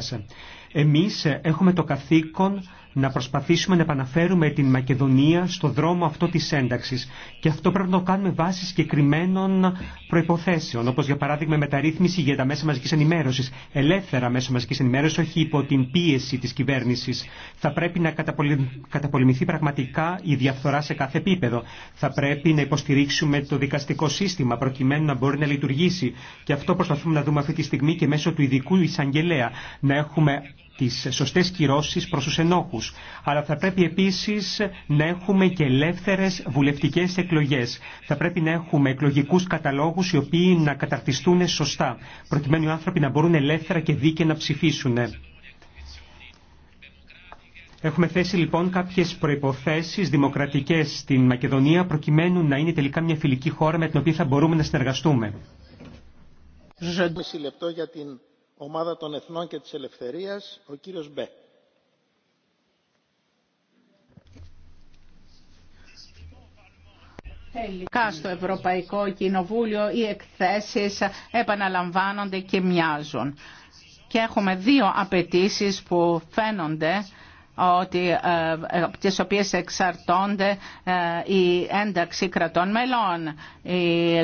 Εμείς έχουμε το καθήκον να προσπαθήσουμε να επαναφέρουμε την Μακεδονία στο δρόμο αυτό της ένταξης. Και αυτό πρέπει να το κάνουμε βάσει συγκεκριμένων προϋποθέσεων, όπως για παράδειγμα μεταρρύθμιση για τα μέσα μαζικής ενημέρωσης, ελεύθερα μέσα μαζικής ενημέρωσης, όχι υπό την πίεση της κυβέρνησης. Θα πρέπει να καταπολεμηθεί πραγματικά η διαφθορά σε κάθε επίπεδο. Θα πρέπει να υποστηρίξουμε το δικαστικό σύστημα προκειμένου να μπορεί να λειτουργήσει. Και αυτό προσπαθούμε να δούμε αυτή τη στιγμή και μέσω του ειδικού εισαγγελέα. Να έχουμε τις σωστές κυρώσεις προς τους ενόχους. Αλλά θα πρέπει επίσης να έχουμε και ελεύθερες βουλευτικές εκλογές. Θα πρέπει να έχουμε εκλογικούς καταλόγους οι οποίοι να καταρτιστούν σωστά, προκειμένου οι άνθρωποι να μπορούν ελεύθερα και δίκαια να ψηφίσουν. Έχουμε θέσει λοιπόν κάποιες προϋποθέσεις δημοκρατικές στην Μακεδονία προκειμένου να είναι τελικά μια φιλική χώρα με την οποία θα μπορούμε να συνεργαστούμε. λεπτό για την ομάδα των Εθνών και της Ελευθερίας, ο κύριος Μπέ. Τελικά στο Ευρωπαϊκό Κοινοβούλιο οι εκθέσεις επαναλαμβάνονται και μοιάζουν. Και έχουμε δύο απαιτήσει που φαίνονται ότι, ε, από τις οποίες εξαρτώνται ε, η ένταξη κρατών μελών,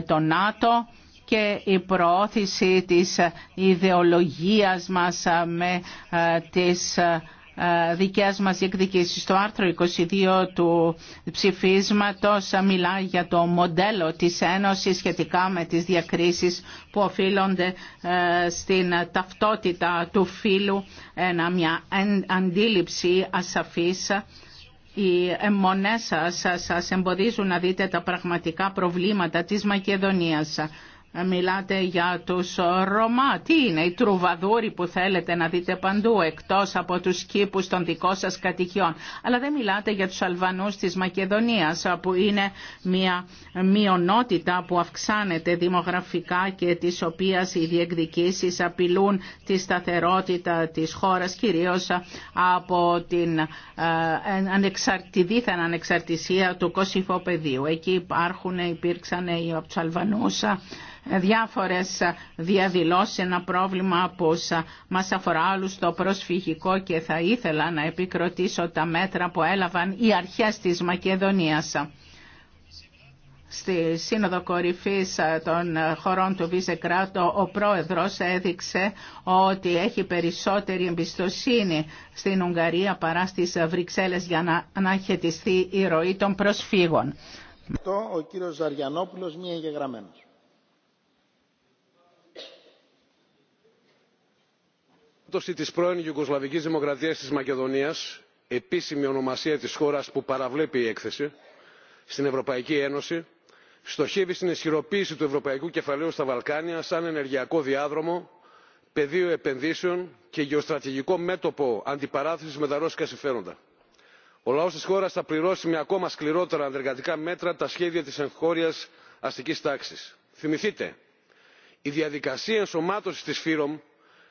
το ΝΑΤΟ και η προώθηση της ιδεολογίας μας ε, με ε, τις ε, δικές μας διεκδικήσεις. το άρθρο 22 του ψηφίσματος μιλά για το μοντέλο της Ένωσης σχετικά με τις διακρίσεις που οφείλονται στην ταυτότητα του φύλου, ένα, μια αντίληψη ασαφής οι εμμονές σας σας εμποδίζουν να δείτε τα πραγματικά προβλήματα της Μακεδονίας. Μιλάτε για τους Ρωμά. Τι είναι οι τρουβαδούροι που θέλετε να δείτε παντού, εκτός από τους κήπους των δικών σας κατοικιών. Αλλά δεν μιλάτε για τους Αλβανούς της Μακεδονίας, που είναι μια μειονότητα που αυξάνεται δημογραφικά και της οποίας οι διεκδικήσεις απειλούν τη σταθερότητα της χώρας, κυρίως από την ε, δίθεν ανεξαρτησία του Κωσυφοπεδίου. Εκεί υπάρχουν, υπήρξαν από τους Αλβανούς διάφορες διαδηλώσεις, ένα πρόβλημα που μας αφορά όλους το προσφυγικό και θα ήθελα να επικροτήσω τα μέτρα που έλαβαν οι αρχές της Μακεδονίας στη Σύνοδο Κορυφής των χωρών του Βίζεκράτο ο πρόεδρος έδειξε ότι έχει περισσότερη εμπιστοσύνη στην Ουγγαρία παρά στις Βρυξέλλες για να αναχαιτιστεί η ροή των προσφύγων. ο κύριος Ζαριανόπουλος μία περίπτωση της πρώην ιουγκοσλαβικής δημοκρατίας της μακεδονίας επίσημη ονομασία της χώρας που παραβλέπει η έκθεση στην ευρωπαϊκή ένωση στοχεύει στην ισχυροποίηση του ευρωπαϊκού κεφαλαίου στα βαλκάνια σαν ενεργειακό διάδρομο πεδίο επενδύσεων και γεωστρατηγικό μέτωπο αντιπαράθεσης με τα ρώσικα συμφέροντα. ο λαός της χώρας θα πληρώσει με ακόμα σκληρότερα αντεργατικά μέτρα τα σχέδια της εγχώριας αστικής τάξης. θυμηθείτε η διαδικασία ενσωμάτωσης της φύρομ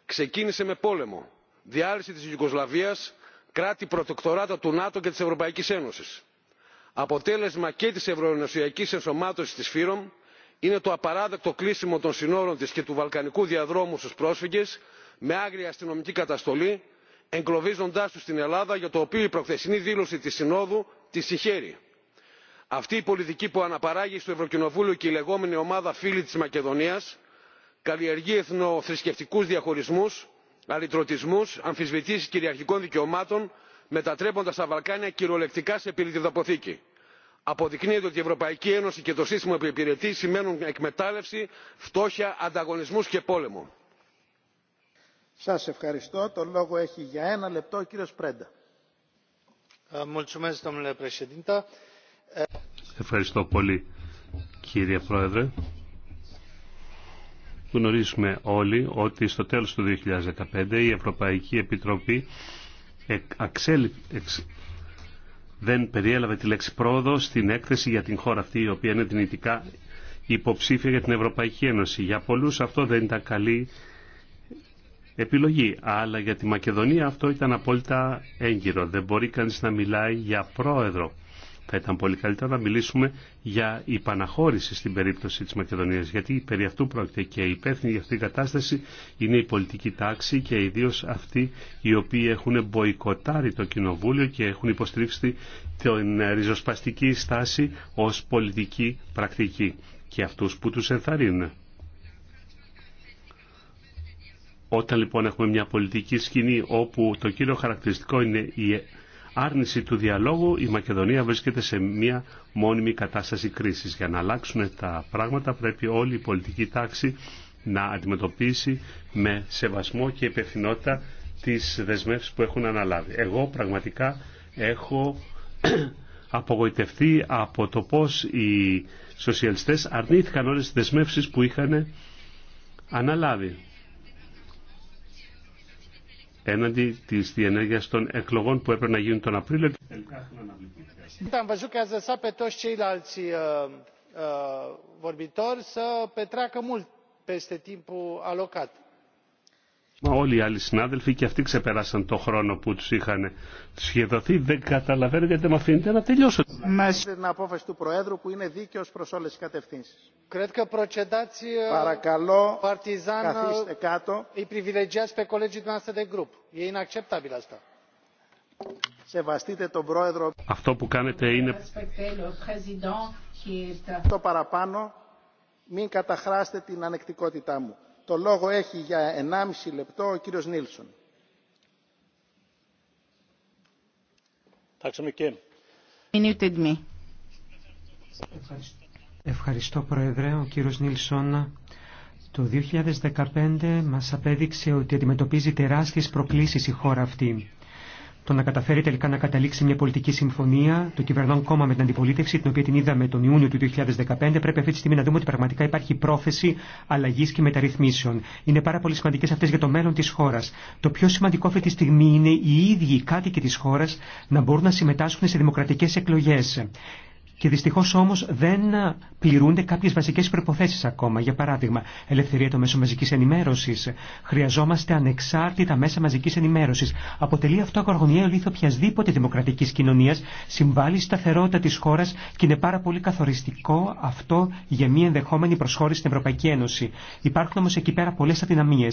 ξεκίνησε με πόλεμο διάλυση της ιουγκοσλαβίας κράτη προτεκτοράτα του νάτο και της ευρωπαϊκής ένωσης. αποτέλεσμα και της ευρωενωσιακής ενσωμάτωσης της φύρομ είναι το απαράδεκτο κλείσιμο των συνόρων της και του βαλκανικού διαδρόμου στους πρόσφυγες με άγρια αστυνομική καταστολή εγκλωβίζοντάς τους στην ελλάδα για το οποίο η προχθεσινή δήλωση της συνόδου τη συγχαίρει. αυτή η πολιτική που αναπαράγει στο ευρωκοινοβούλιο και η λεγόμενη ομάδα φίλη της μακεδονίας καλλιεργεί εθνοθρησκευτικούς διαχωρισμούς αλυτρωτισμούς αμφισβητήσεις κυριαρχικών δικαιωμάτων μετατρέποντας τα βαλκάνια κυριολεκτικά σε πυρηνιδαποθήκη. αποδεικνύεται ότι η ευρωπαϊκή ένωση και το σύστημα που υπηρετεί σημαίνουν εκμετάλλευση φτώχεια ανταγωνισμούς και πόλεμο. Σας ευχαριστώ. Το λόγο έχει για ένα λεπτό ο Πρέντα. Ε, ε, ευχαριστώ πολύ κύριε Πρόεδρε. Γνωρίζουμε όλοι ότι στο τέλος του 2015 η Ευρωπαϊκή Επιτροπή δεν περιέλαβε τη λέξη πρόοδο στην έκθεση για την χώρα αυτή η οποία είναι δυνητικά υποψήφια για την Ευρωπαϊκή Ένωση. Για πολλούς αυτό δεν ήταν καλή επιλογή, αλλά για τη Μακεδονία αυτό ήταν απόλυτα έγκυρο. Δεν μπορεί κανείς να μιλάει για πρόεδρο θα ήταν πολύ καλύτερο να μιλήσουμε για υπαναχώρηση στην περίπτωση της Μακεδονίας, γιατί περί αυτού πρόκειται και η υπεύθυνη για αυτή την κατάσταση είναι η πολιτική τάξη και ιδίω αυτοί οι οποίοι έχουν μποϊκοτάρει το Κοινοβούλιο και έχουν υποστηρίξει την ριζοσπαστική στάση ως πολιτική πρακτική και αυτούς που τους ενθαρρύνουν. Όταν λοιπόν έχουμε μια πολιτική σκηνή όπου το κύριο χαρακτηριστικό είναι η άρνηση του διαλόγου η Μακεδονία βρίσκεται σε μια μόνιμη κατάσταση κρίσης. Για να αλλάξουν τα πράγματα πρέπει όλη η πολιτική τάξη να αντιμετωπίσει με σεβασμό και υπευθυνότητα τις δεσμεύσεις που έχουν αναλάβει. Εγώ πραγματικά έχω [clears throat] απογοητευτεί από το πώς οι σοσιαλιστές αρνήθηκαν όλες τις δεσμεύσεις που είχαν αναλάβει έναντι τη διενέργεια των εκλογών που έπρεπε να γίνουν τον Απρίλιο Am văzut că ați lăsat pe toți ceilalți uh, uh, vorbitori să petreacă mult peste timpul alocat. Όλοι οι άλλοι συνάδελφοι και αυτοί ξεπεράσαν το χρόνο που τους είχαν σχεδοθεί. Δεν καταλαβαίνω γιατί δεν με αφήνετε να τελειώσω. Μέσα την απόφαση του Προέδρου που είναι δίκαιος προς όλες τις κατευθύνσεις. Παρακαλώ, καθίστε uh, κάτω. Οι grup. Σεβαστείτε τον Πρόεδρο. Αυτό που κάνετε είναι... Το παραπάνω, μην καταχράσετε την ανεκτικότητά μου. Το λόγο έχει για 1,5 λεπτό ο κύριος Νίλσον. Ευχαριστώ Πρόεδρε. Ο κύριος Νίλσον το 2015 μας απέδειξε ότι αντιμετωπίζει τεράστιες προκλήσεις η χώρα αυτή το να καταφέρει τελικά να καταλήξει μια πολιτική συμφωνία, το κυβερνών κόμμα με την αντιπολίτευση, την οποία την είδαμε τον Ιούνιο του 2015, πρέπει αυτή τη στιγμή να δούμε ότι πραγματικά υπάρχει πρόθεση αλλαγή και μεταρρυθμίσεων. Είναι πάρα πολύ σημαντικέ αυτέ για το μέλλον τη χώρα. Το πιο σημαντικό αυτή τη στιγμή είναι οι ίδιοι οι κάτοικοι τη χώρα να μπορούν να συμμετάσχουν σε δημοκρατικέ εκλογέ. Και δυστυχώ όμω δεν πληρούνται κάποιε βασικέ προποθέσει ακόμα. Για παράδειγμα, ελευθερία των μέσων μαζική ενημέρωση. Χρειαζόμαστε ανεξάρτητα μέσα μαζική ενημέρωση. Αποτελεί αυτό αγοργωνιαίο λίθο οποιασδήποτε δημοκρατική κοινωνία, συμβάλλει σταθερότητα τη χώρα και είναι πάρα πολύ καθοριστικό αυτό για μια ενδεχόμενη προσχώρηση στην Ευρωπαϊκή Ένωση. Υπάρχουν όμω εκεί πέρα πολλέ αδυναμίε.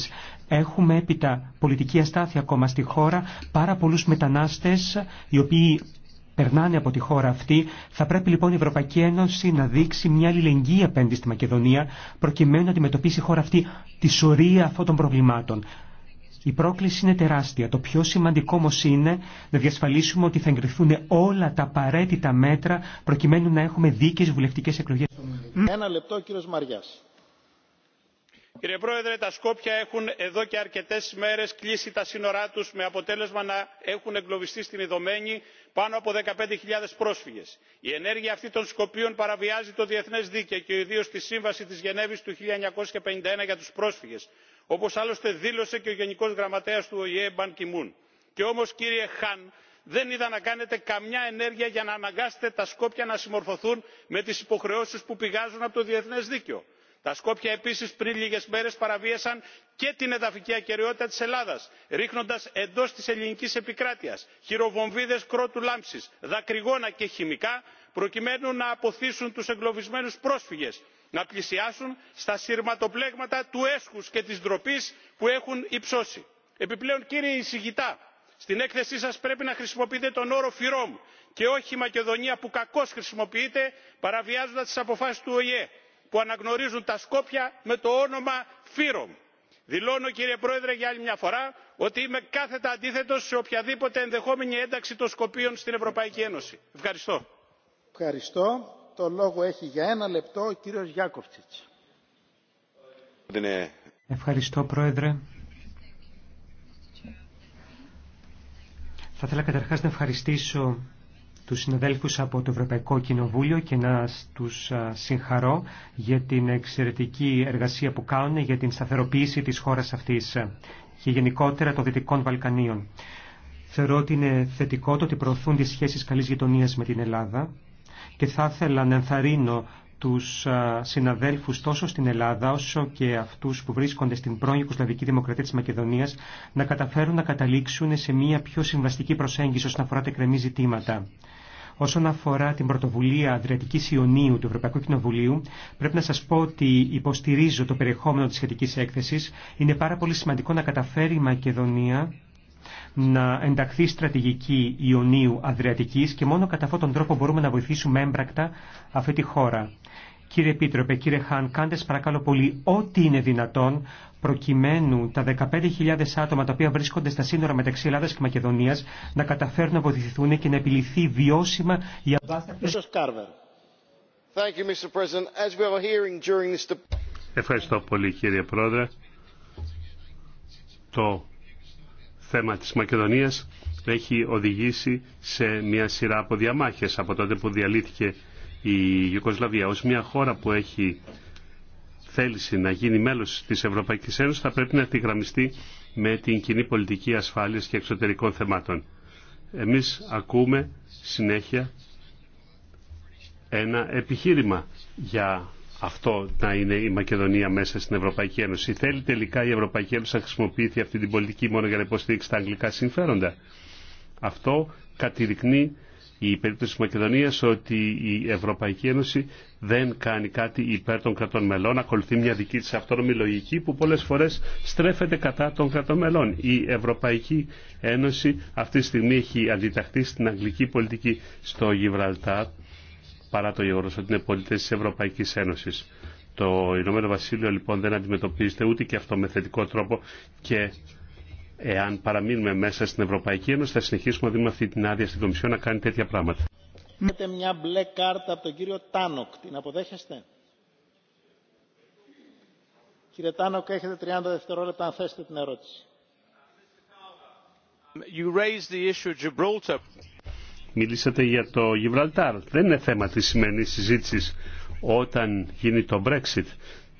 Έχουμε έπειτα πολιτική αστάθεια ακόμα στη χώρα, πάρα πολλού μετανάστε οι οποίοι περνάνε από τη χώρα αυτή. Θα πρέπει λοιπόν η Ευρωπαϊκή Ένωση να δείξει μια αλληλεγγύη απέναντι στη Μακεδονία, προκειμένου να αντιμετωπίσει η χώρα αυτή τη σωρία αυτών των προβλημάτων. Η πρόκληση είναι τεράστια. Το πιο σημαντικό όμω είναι να διασφαλίσουμε ότι θα εγκριθούν όλα τα απαραίτητα μέτρα προκειμένου να έχουμε δίκαιε βουλευτικέ εκλογέ. Ένα λεπτό, κύριο Μαριά. Κύριε Πρόεδρε, τα Σκόπια έχουν εδώ και αρκετέ μέρε κλείσει τα σύνορά του με αποτέλεσμα να έχουν εγκλωβιστεί στην Ιδωμένη πάνω από δεκαπέντε χιλιάδες πρόσφυγες. η ενέργεια αυτή των σκοπίων παραβιάζει το διεθνές δίκαιο και ιδίως τη σύμβαση της γενέβης του 1951 για τους πρόσφυγες όπως άλλωστε δήλωσε και ο γενικός γραμματέας του οηε μπαν Κιμούν. και όμως κύριε χαν δεν είδα να κάνετε καμιά ενέργεια για να αναγκάσετε τα σκόπια να συμμορφωθούν με τις υποχρεώσεις που πηγάζουν από το διεθνές δίκαιο τα σκόπια επίσης πριν λίγες μέρες παραβίασαν και την εδαφική ακεραιότητα της ελλάδας ρίχνοντας εντός της ελληνικής επικράτειας χειροβομβίδες κρότου λάμψης δακρυγόνα και χημικά προκειμένου να αποθήσουν τους εγκλωβισμένους πρόσφυγες να πλησιάσουν στα σειρματοπλέγματα του έσχους και της ντροπή που έχουν υψώσει. επιπλέον κύριε εισηγητά στην έκθεσή σας πρέπει να χρησιμοποιείτε τον όρο φυρόμ και όχι μακεδονία που κακώς χρησιμοποιείται παραβιάζοντας τις αποφάσεις του οηε που αναγνωρίζουν τα σκόπια με το όνομα φύρομ. δηλώνω κύριε πρόεδρε για άλλη μια φορά ότι είμαι κάθετα αντίθετος σε οποιαδήποτε ενδεχόμενη ένταξη των σκοπίων στην ευρωπαϊκή ένωση. ευχαριστώ. ευχαριστώ. Το λόγο έχει για ένα λεπτό ο κύριος Γιάκοφτσιτς. Ευχαριστώ Πρόεδρε. Θα ήθελα καταρχάς να ευχαριστήσω τους συναδέλφους από το Ευρωπαϊκό Κοινοβούλιο και να τους συγχαρώ για την εξαιρετική εργασία που κάνουν για την σταθεροποίηση της χώρας αυτής και γενικότερα των Δυτικών Βαλκανίων. Θεωρώ ότι είναι θετικό το ότι προωθούν τις σχέσεις καλής γειτονίας με την Ελλάδα και θα ήθελα να ενθαρρύνω τους συναδέλφους τόσο στην Ελλάδα όσο και αυτούς που βρίσκονται στην πρώην Ιουκοσλαβική Δημοκρατία της Μακεδονίας να καταφέρουν να καταλήξουν σε μια πιο συμβαστική προσέγγιση όσον αφορά τα κρεμή ζητήματα. Όσον αφορά την πρωτοβουλία Αδριατική Ιωνίου του Ευρωπαϊκού Κοινοβουλίου, πρέπει να σα πω ότι υποστηρίζω το περιεχόμενο τη σχετική έκθεση. Είναι πάρα πολύ σημαντικό να καταφέρει η Μακεδονία να ενταχθεί στρατηγική Ιωνίου Αδριατικής και μόνο κατά αυτόν τον τρόπο μπορούμε να βοηθήσουμε έμπρακτα αυτή τη χώρα. Κύριε Επίτροπε, κύριε Χάν, κάντε παρακαλώ πολύ ό,τι είναι δυνατόν προκειμένου τα 15.000 άτομα τα οποία βρίσκονται στα σύνορα μεταξύ Ελλάδας και Μακεδονίας να καταφέρουν να βοηθηθούν και να επιληθεί βιώσιμα η Ευχαριστώ πολύ κύριε Πρόεδρε. Το θέμα της Μακεδονίας έχει οδηγήσει σε μια σειρά από διαμάχες από τότε που διαλύθηκε η Ιουκοσλαβία ως μια χώρα που έχει θέληση να γίνει μέλος της Ευρωπαϊκής Ένωσης θα πρέπει να γραμμιστεί με την κοινή πολιτική ασφάλεια και εξωτερικών θεμάτων. Εμείς ακούμε συνέχεια ένα επιχείρημα για αυτό να είναι η Μακεδονία μέσα στην Ευρωπαϊκή Ένωση. Θέλει τελικά η Ευρωπαϊκή Ένωση να χρησιμοποιήσει αυτή την πολιτική μόνο για να υποστηρίξει τα αγγλικά συμφέροντα. Αυτό κατηρικνεί η περίπτωση της Μακεδονίας ότι η Ευρωπαϊκή Ένωση δεν κάνει κάτι υπέρ των κρατών μελών, ακολουθεί μια δική της αυτόνομη λογική που πολλές φορές στρέφεται κατά των κρατών μελών. Η Ευρωπαϊκή Ένωση αυτή τη στιγμή έχει αντιταχθεί στην αγγλική πολιτική στο Γιβραλτάρ παρά το γεγονός ότι είναι πολίτες της Ευρωπαϊκής Ένωσης. Το Ηνωμένο Βασίλειο λοιπόν δεν αντιμετωπίζεται ούτε και αυτό με θετικό τρόπο και εάν παραμείνουμε μέσα στην Ευρωπαϊκή Ένωση, θα συνεχίσουμε να δίνουμε αυτή την άδεια στην Κομισιόν να κάνει τέτοια πράγματα. Έχετε μια μπλε κάρτα από τον κύριο Τάνοκ. Την αποδέχεστε. Κύριε Τάνοκ, έχετε 30 δευτερόλεπτα να θέσετε την ερώτηση. You raised the issue Gibraltar. Μιλήσατε για το Γιβραλτάρ. Δεν είναι θέμα της σημερινή συζήτηση όταν γίνει το Brexit.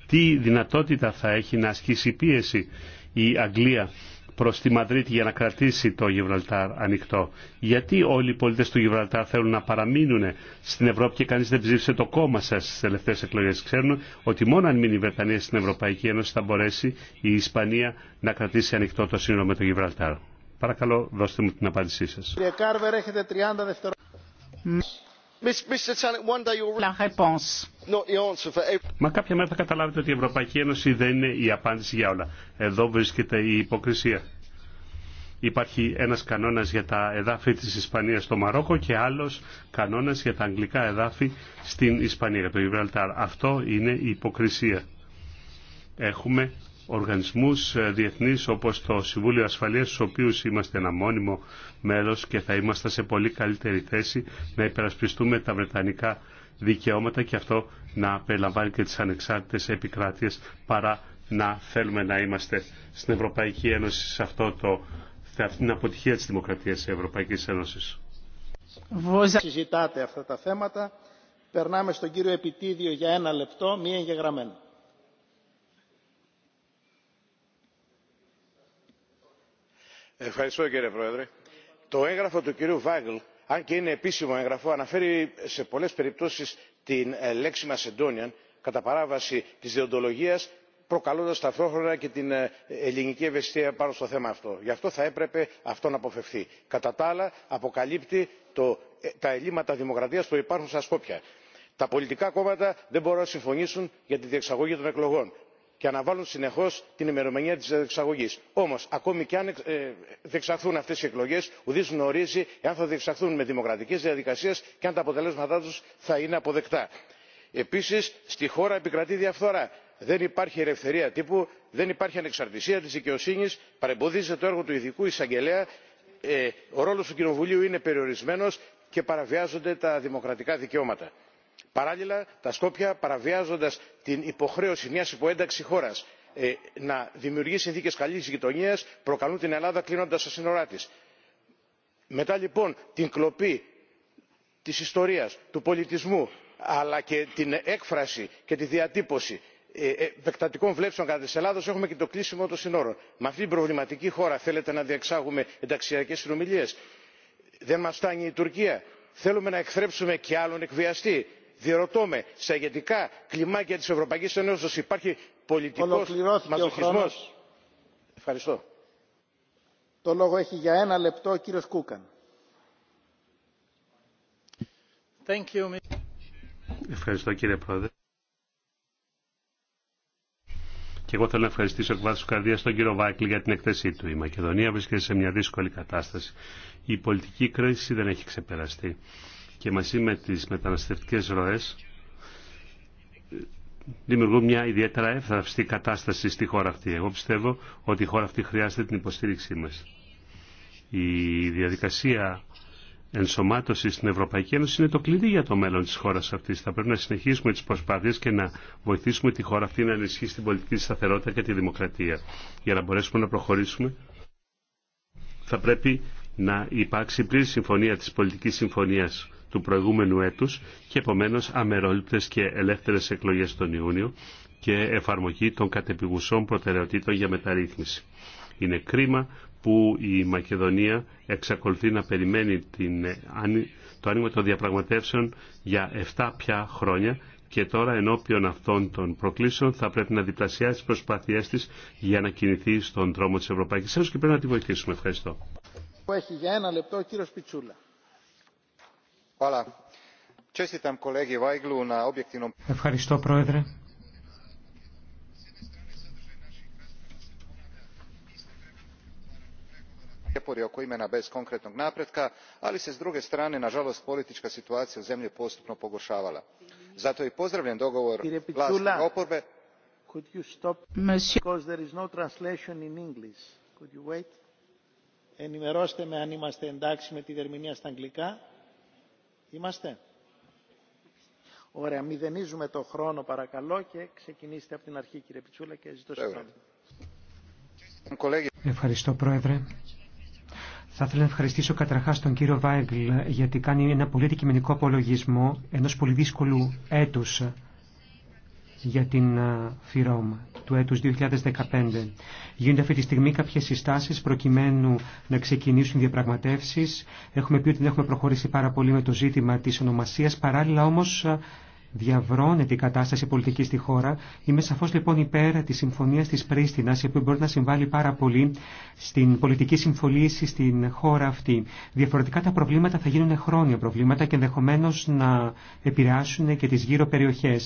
Τι δυνατότητα θα έχει να ασκήσει πίεση η Αγγλία προς τη Μαδρίτη για να κρατήσει το Γιβραλτάρ ανοιχτό. Γιατί όλοι οι πολίτες του Γιβραλτάρ θέλουν να παραμείνουν στην Ευρώπη και κανείς δεν ψήφισε το κόμμα σας στις τελευταίες εκλογές. Ξέρουν ότι μόνο αν μείνει η Βρετανία στην Ευρωπαϊκή Ένωση θα μπορέσει η Ισπανία να κρατήσει ανοιχτό το σύνολο με το Γιβραλτάρ. Παρακαλώ δώστε μου την απάντησή σας. Κύριε Κάρβερ, έχετε 30 δευτερόλεπτα. Μα κάποια μέρα θα καταλάβετε ότι η Ευρωπαϊκή Ένωση δεν είναι η απάντηση για όλα. Εδώ βρίσκεται η υποκρισία. Υπάρχει ένα κανόνα για τα εδάφη τη Ισπανία στο Μαρόκο και άλλο κανόνα για τα αγγλικά εδάφη στην Ισπανία, το Γιβραλτάρ. Αυτό είναι η υποκρισία. Έχουμε οργανισμούς ε, διεθνείς όπως το Συμβούλιο Ασφαλείας, στους οποίους είμαστε ένα μόνιμο μέλος και θα είμαστε σε πολύ καλύτερη θέση να υπερασπιστούμε τα βρετανικά δικαιώματα και αυτό να περιλαμβάνει και τις ανεξάρτητες επικράτειες παρά να θέλουμε να είμαστε στην Ευρωπαϊκή Ένωση σε αυτό το, αυτήν την αποτυχία της δημοκρατίας της Ευρωπαϊκής Ένωσης. Συζητάτε αυτά τα θέματα. Περνάμε στον κύριο Επιτίδιο για ένα λεπτό, μία κύριε Πρόεδρε. Το έγγραφο του κυρίου βάγκελ αν και είναι επίσημο έγγραφο, αναφέρει σε πολλές περιπτώσεις την ε, λέξη Μασεντόνιαν κατά παράβαση της διοντολογίας προκαλώντας ταυτόχρονα και την ε, ελληνική ευαισθησία πάνω στο θέμα αυτό. Γι' αυτό θα έπρεπε αυτό να αποφευθεί. Κατά τα άλλα, αποκαλύπτει ε, τα ελλείμματα δημοκρατίας που υπάρχουν στα Σκόπια. Τα πολιτικά κόμματα δεν μπορούν να συμφωνήσουν για τη διεξαγωγή των εκλογών και αναβάλουν συνεχώ την ημερομηνία τη διεξαγωγή. όμω ακόμη και αν ε, διεξαχθούν αυτέ οι εκλογέ ουδή γνωρίζει εάν θα διεξαχθούν με δημοκρατικέ διαδικασίε και αν τα αποτελέσματά του θα είναι αποδεκτά. επίση στη χώρα επικρατεί διαφθορά δεν υπάρχει ελευθερία τύπου δεν υπάρχει ανεξαρτησία τη δικαιοσύνη παρεμποδίζεται το έργο του ειδικού εισαγγελέα ε, ο ρόλο του κοινοβουλίου είναι περιορισμένο και παραβιάζονται τα δημοκρατικά δικαιώματα παράλληλα τα σκόπια παραβιάζοντας την υποχρέωση μιας υποένταξη χώρας ε, να δημιουργήσει συνθήκες καλής γειτονίας προκαλούν την ελλάδα κλείνοντας τα σύνορά της. μετά λοιπόν την κλοπή της ιστορίας του πολιτισμού αλλά και την έκφραση και τη διατύπωση επεκτατικών ε, βλέψεων κατά της ελλάδος έχουμε και το κλείσιμο των συνόρων. με αυτή την προβληματική χώρα θέλετε να διεξάγουμε ενταξιακές συνομιλίες. δεν μας φτάνει η τουρκία. θέλουμε να εκθρέψουμε και άλλον εκβιαστή. Διερωτώ με σε αγεντικά κλιμάκια της ευρωπαϊκής Ένωσης υπάρχει πολιτικός μαζοχισμός. ευχαριστώ. Το λόγο έχει για ένα λεπτό ο κύριος Κούκαν. Ευχαριστώ κύριε Πρόεδρε. Και εγώ θέλω να ευχαριστήσω εκ βάθου καρδία τον κύριο Βάκλη για την εκθέσή του. Η Μακεδονία βρίσκεται σε μια δύσκολη κατάσταση. Η πολιτική κρίση δεν έχει ξεπεραστεί και μαζί με τις μεταναστευτικές ροές δημιουργούν μια ιδιαίτερα εύθραυστη κατάσταση στη χώρα αυτή. Εγώ πιστεύω ότι η χώρα αυτή χρειάζεται την υποστήριξή μας. Η διαδικασία ενσωμάτωσης στην Ευρωπαϊκή Ένωση είναι το κλειδί για το μέλλον της χώρας αυτής. Θα πρέπει να συνεχίσουμε τις προσπάθειες και να βοηθήσουμε τη χώρα αυτή να ενισχύσει την πολιτική σταθερότητα και τη δημοκρατία. Για να μπορέσουμε να προχωρήσουμε θα πρέπει να υπάρξει πλήρη συμφωνία της πολιτικής συμφωνίας του προηγούμενου έτους και επομένως αμερόληπτες και ελεύθερες εκλογές τον Ιούνιο και εφαρμογή των κατεπηγουσών προτεραιοτήτων για μεταρρύθμιση. Είναι κρίμα που η Μακεδονία εξακολουθεί να περιμένει την, το άνοιγμα των διαπραγματεύσεων για 7 πια χρόνια και τώρα ενώπιον αυτών των προκλήσεων θα πρέπει να διπλασιάσει τις προσπάθειές της για να κινηθεί στον δρόμο της Ευρωπαϊκής Ένωσης και πρέπει να τη βοηθήσουμε. Ευχαριστώ. έχει για ένα λεπτό κύριος Πιτσούλα. Ευχαριστώ, Πρόεδρε. prijepori oko imena bez konkretnog napretka ali se s druge strane nažalost politička situacija u zemlji postupno pogoršavala. zato i pozdravljam dogovor vlasti i oporbe Είμαστε. Ωραία, μηδενίζουμε το χρόνο παρακαλώ και ξεκινήστε από την αρχή κύριε Πιτσούλα και ζητώ συγγνώμη. Ευχαριστώ Πρόεδρε. Θα ήθελα να ευχαριστήσω καταρχά τον κύριο Βάιγκλ γιατί κάνει ένα πολύ αντικειμενικό απολογισμό ενό πολύ δύσκολου έτου για την ε, ΦΥΡΟΜ του έτους 2015. Γίνονται αυτή τη στιγμή κάποιες συστάσεις προκειμένου να ξεκινήσουν διαπραγματεύσεις. Έχουμε πει ότι δεν έχουμε προχωρήσει πάρα πολύ με το ζήτημα της ονομασίας. Παράλληλα όμως ε, διαβρώνεται η κατάσταση πολιτική στη χώρα. Είμαι σαφώ λοιπόν υπέρ τη συμφωνία τη Πρίστινα, η οποία μπορεί να συμβάλλει πάρα πολύ στην πολιτική συμφωλήση στην χώρα αυτή. Διαφορετικά τα προβλήματα θα γίνουν χρόνια προβλήματα και ενδεχομένω να επηρεάσουν και τι γύρω περιοχέ.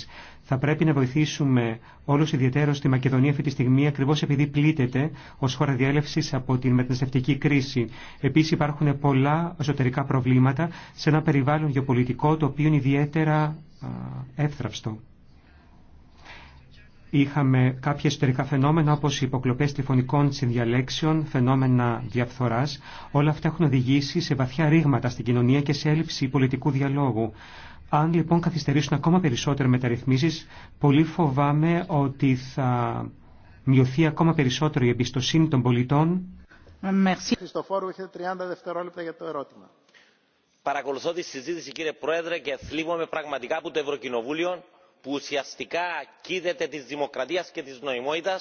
Θα πρέπει να βοηθήσουμε όλου ιδιαίτερω στη Μακεδονία αυτή τη στιγμή, ακριβώ επειδή πλήττεται ω χώρα διέλευση από την μεταναστευτική κρίση. Επίση υπάρχουν πολλά εσωτερικά προβλήματα σε ένα περιβάλλον γεωπολιτικό το οποίο είναι ιδιαίτερα εύθραυστο. Είχαμε κάποια εσωτερικά φαινόμενα όπως οι υποκλοπές τηλεφωνικών συνδιαλέξεων, φαινόμενα διαφθοράς. Όλα αυτά έχουν οδηγήσει σε βαθιά ρήγματα στην κοινωνία και σε έλλειψη πολιτικού διαλόγου. Αν λοιπόν καθυστερήσουν ακόμα περισσότερο μεταρρυθμίσεις, πολύ φοβάμαι ότι θα μειωθεί ακόμα περισσότερο η εμπιστοσύνη των πολιτών. Χριστοφόρου, έχετε 30 δευτερόλεπτα για το ερώτημα παρακολουθώ τη συζήτηση κύριε πρόεδρε και θλίβομαι πραγματικά που το ευρωκοινοβούλιο που ουσιαστικά κίδεται της δημοκρατίας και της νοημότητα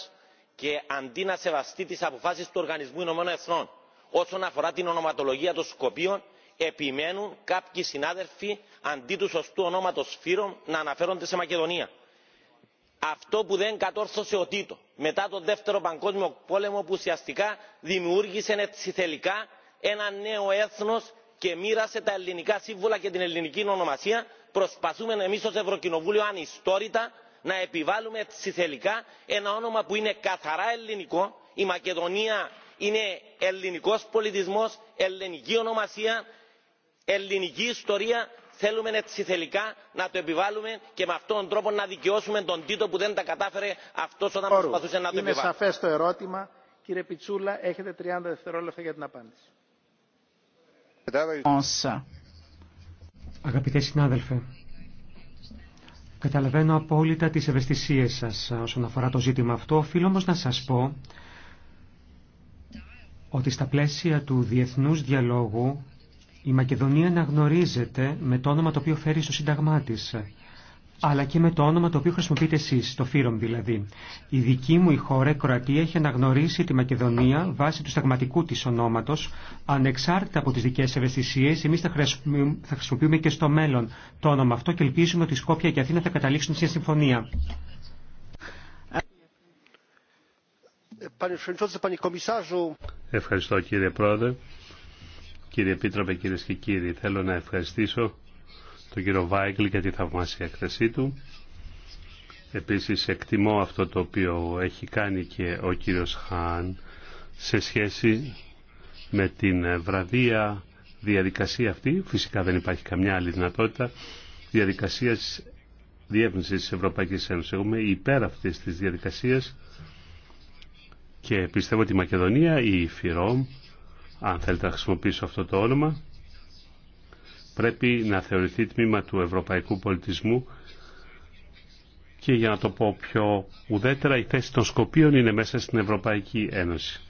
και αντί να σεβαστεί τις αποφάσεις του οργανισμού ηνωμένων εθνών όσον αφορά την ονοματολογία των σκοπίων επιμένουν κάποιοι συνάδελφοι αντί του σωστού ονόματος φύρων να αναφέρονται σε μακεδονία. αυτό που δεν κατόρθωσε ο τίτο μετά τον δεύτερο παγκόσμιο πόλεμο που ουσιαστικά δημιούργησε έτσι θελικά ένα νέο έθνος και μοίρασε τα ελληνικά σύμβολα και την ελληνική ονομασία προσπαθούμε εμεί ω ευρωκοινοβούλιο ανιστόρητα να επιβάλλουμε έτσι θελικά ένα όνομα που είναι καθαρά ελληνικό η μακεδονία είναι ελληνικό πολιτισμό, ελληνική ονομασία ελληνική ιστορία θέλουμε έτσι θελικά να το επιβάλλουμε και με αυτόν τον τρόπο να δικαιώσουμε τον τίτο που δεν τα κατάφερε αυτό όταν προσπαθούσε να το επιβάλλει. Είναι σαφέ το ερώτημα. Κύριε Πιτσούλα, έχετε 30 δευτερόλεπτα για την απάντηση. Αγαπητέ συνάδελφε, καταλαβαίνω απόλυτα τις ευαισθησίες σας όσον αφορά το ζήτημα αυτό. Οφείλω όμως να σας πω ότι στα πλαίσια του διεθνούς διαλόγου η Μακεδονία αναγνωρίζεται με το όνομα το οποίο φέρει στο Σύνταγμά της αλλά και με το όνομα το οποίο χρησιμοποιείτε εσείς, το Φύρομ δηλαδή. Η δική μου η χώρα, η Κροατία, έχει αναγνωρίσει τη Μακεδονία βάσει του σταγματικού της ονόματος. Ανεξάρτητα από τις δικές ευαισθησίες, εμείς θα χρησιμοποιούμε και στο μέλλον το όνομα αυτό και ελπίζουμε ότι η Σκόπια και η Αθήνα θα καταλήξουν σε συμφωνία. Ευχαριστώ κύριε Πρόεδρε, κύριε Επίτροπε, κυρίε και κύριοι. Θέλω να ευχαριστήσω τον κύριο Βάικλ για τη θαυμάσια έκθεσή του. Επίσης εκτιμώ αυτό το οποίο έχει κάνει και ο κύριος Χάν σε σχέση με την βραδία διαδικασία αυτή. Φυσικά δεν υπάρχει καμιά άλλη δυνατότητα διαδικασίας διεύθυνση τη Ευρωπαϊκής Ένωσης. Εγώ είμαι υπέρ αυτή τη διαδικασίας και πιστεύω ότι η Μακεδονία ή η Φιρόμ, αν θέλετε να χρησιμοποιήσω αυτό το όνομα, πρέπει να θεωρηθεί τμήμα του ευρωπαϊκού πολιτισμού και για να το πω πιο ουδέτερα η θέση των Σκοπίων είναι μέσα στην Ευρωπαϊκή Ένωση.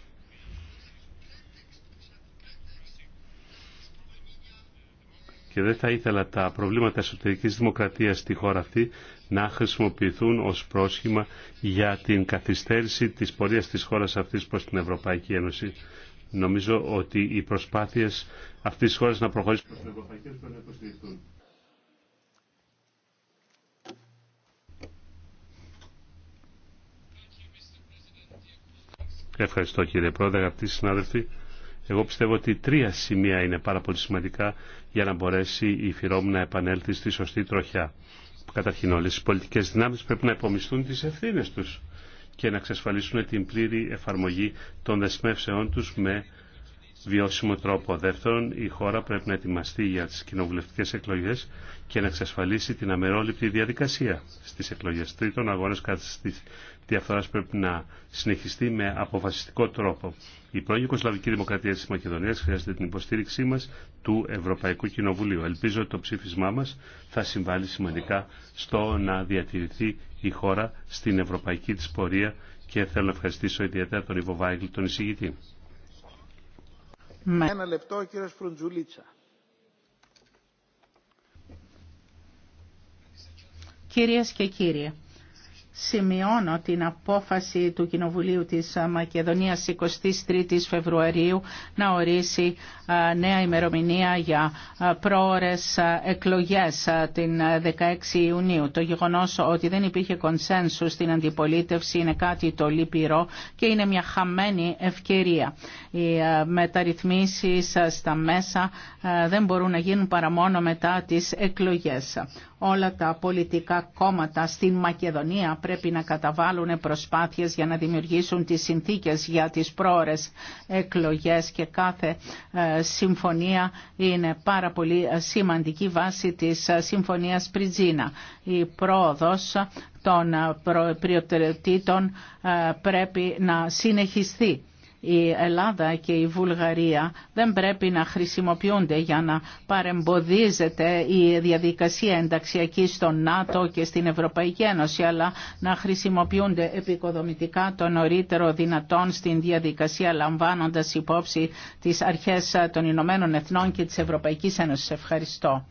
Και δεν θα ήθελα τα προβλήματα εσωτερικής δημοκρατίας στη χώρα αυτή να χρησιμοποιηθούν ως πρόσχημα για την καθυστέρηση της πορείας της χώρας αυτής προς την Ευρωπαϊκή Ένωση. Νομίζω ότι οι προσπάθειες αυτής της χώρας να προχωρήσουν να Ευχαριστώ κύριε Πρόεδρε, αγαπητοί συνάδελφοι. Εγώ πιστεύω ότι τρία σημεία είναι πάρα πολύ σημαντικά για να μπορέσει η Φιρόμ να επανέλθει στη σωστή τροχιά. Καταρχήν όλες οι πολιτικές δυνάμεις πρέπει να υπομισθούν τις ευθύνες τους και να εξασφαλίσουν την πλήρη εφαρμογή των δεσμεύσεών τους με βιώσιμο τρόπο. Δεύτερον, η χώρα πρέπει να ετοιμαστεί για τις κοινοβουλευτικές εκλογές και να εξασφαλίσει την αμερόληπτη διαδικασία στις εκλογές. Τρίτον, ο αγώνας κατά τη διαφθορά πρέπει να συνεχιστεί με αποφασιστικό τρόπο. Η πρώην Ιουκοσλαβική Δημοκρατία της Μακεδονίας χρειάζεται την υποστήριξή μας του Ευρωπαϊκού Κοινοβουλίου. Ελπίζω ότι το ψήφισμά μας θα συμβάλλει σημαντικά στο να διατηρηθεί η χώρα στην ευρωπαϊκή της πορεία και θέλω να ευχαριστήσω ιδιαίτερα τον Ιβο τον εισηγητή. Ναι. Ένα λεπτό, ο κύριος Φρουντζουλίτσα. Κυρίες και κύριοι, σημειώνω την απόφαση του Κοινοβουλίου της Μακεδονίας 23 Φεβρουαρίου να ορίσει νέα ημερομηνία για πρόορες εκλογές την 16 Ιουνίου. Το γεγονός ότι δεν υπήρχε κονσένσου στην αντιπολίτευση είναι κάτι το λυπηρό και είναι μια χαμένη ευκαιρία. Οι μεταρρυθμίσεις στα μέσα δεν μπορούν να γίνουν παρά μόνο μετά τις εκλογές όλα τα πολιτικά κόμματα στην Μακεδονία πρέπει να καταβάλουν προσπάθειες για να δημιουργήσουν τις συνθήκες για τις πρόορες εκλογές και κάθε ε, συμφωνία είναι πάρα πολύ ε, σημαντική βάση της ε, Συμφωνίας Πριτζίνα. Η πρόοδος των προτεραιοτήτων πρέπει να συνεχιστεί η Ελλάδα και η Βουλγαρία δεν πρέπει να χρησιμοποιούνται για να παρεμποδίζεται η διαδικασία ενταξιακή στο ΝΑΤΟ και στην Ευρωπαϊκή Ένωση, αλλά να χρησιμοποιούνται επικοδομητικά το νωρίτερο δυνατόν στην διαδικασία λαμβάνοντας υπόψη τις αρχές των Ηνωμένων Εθνών και της Ευρωπαϊκής Ένωσης. Ευχαριστώ.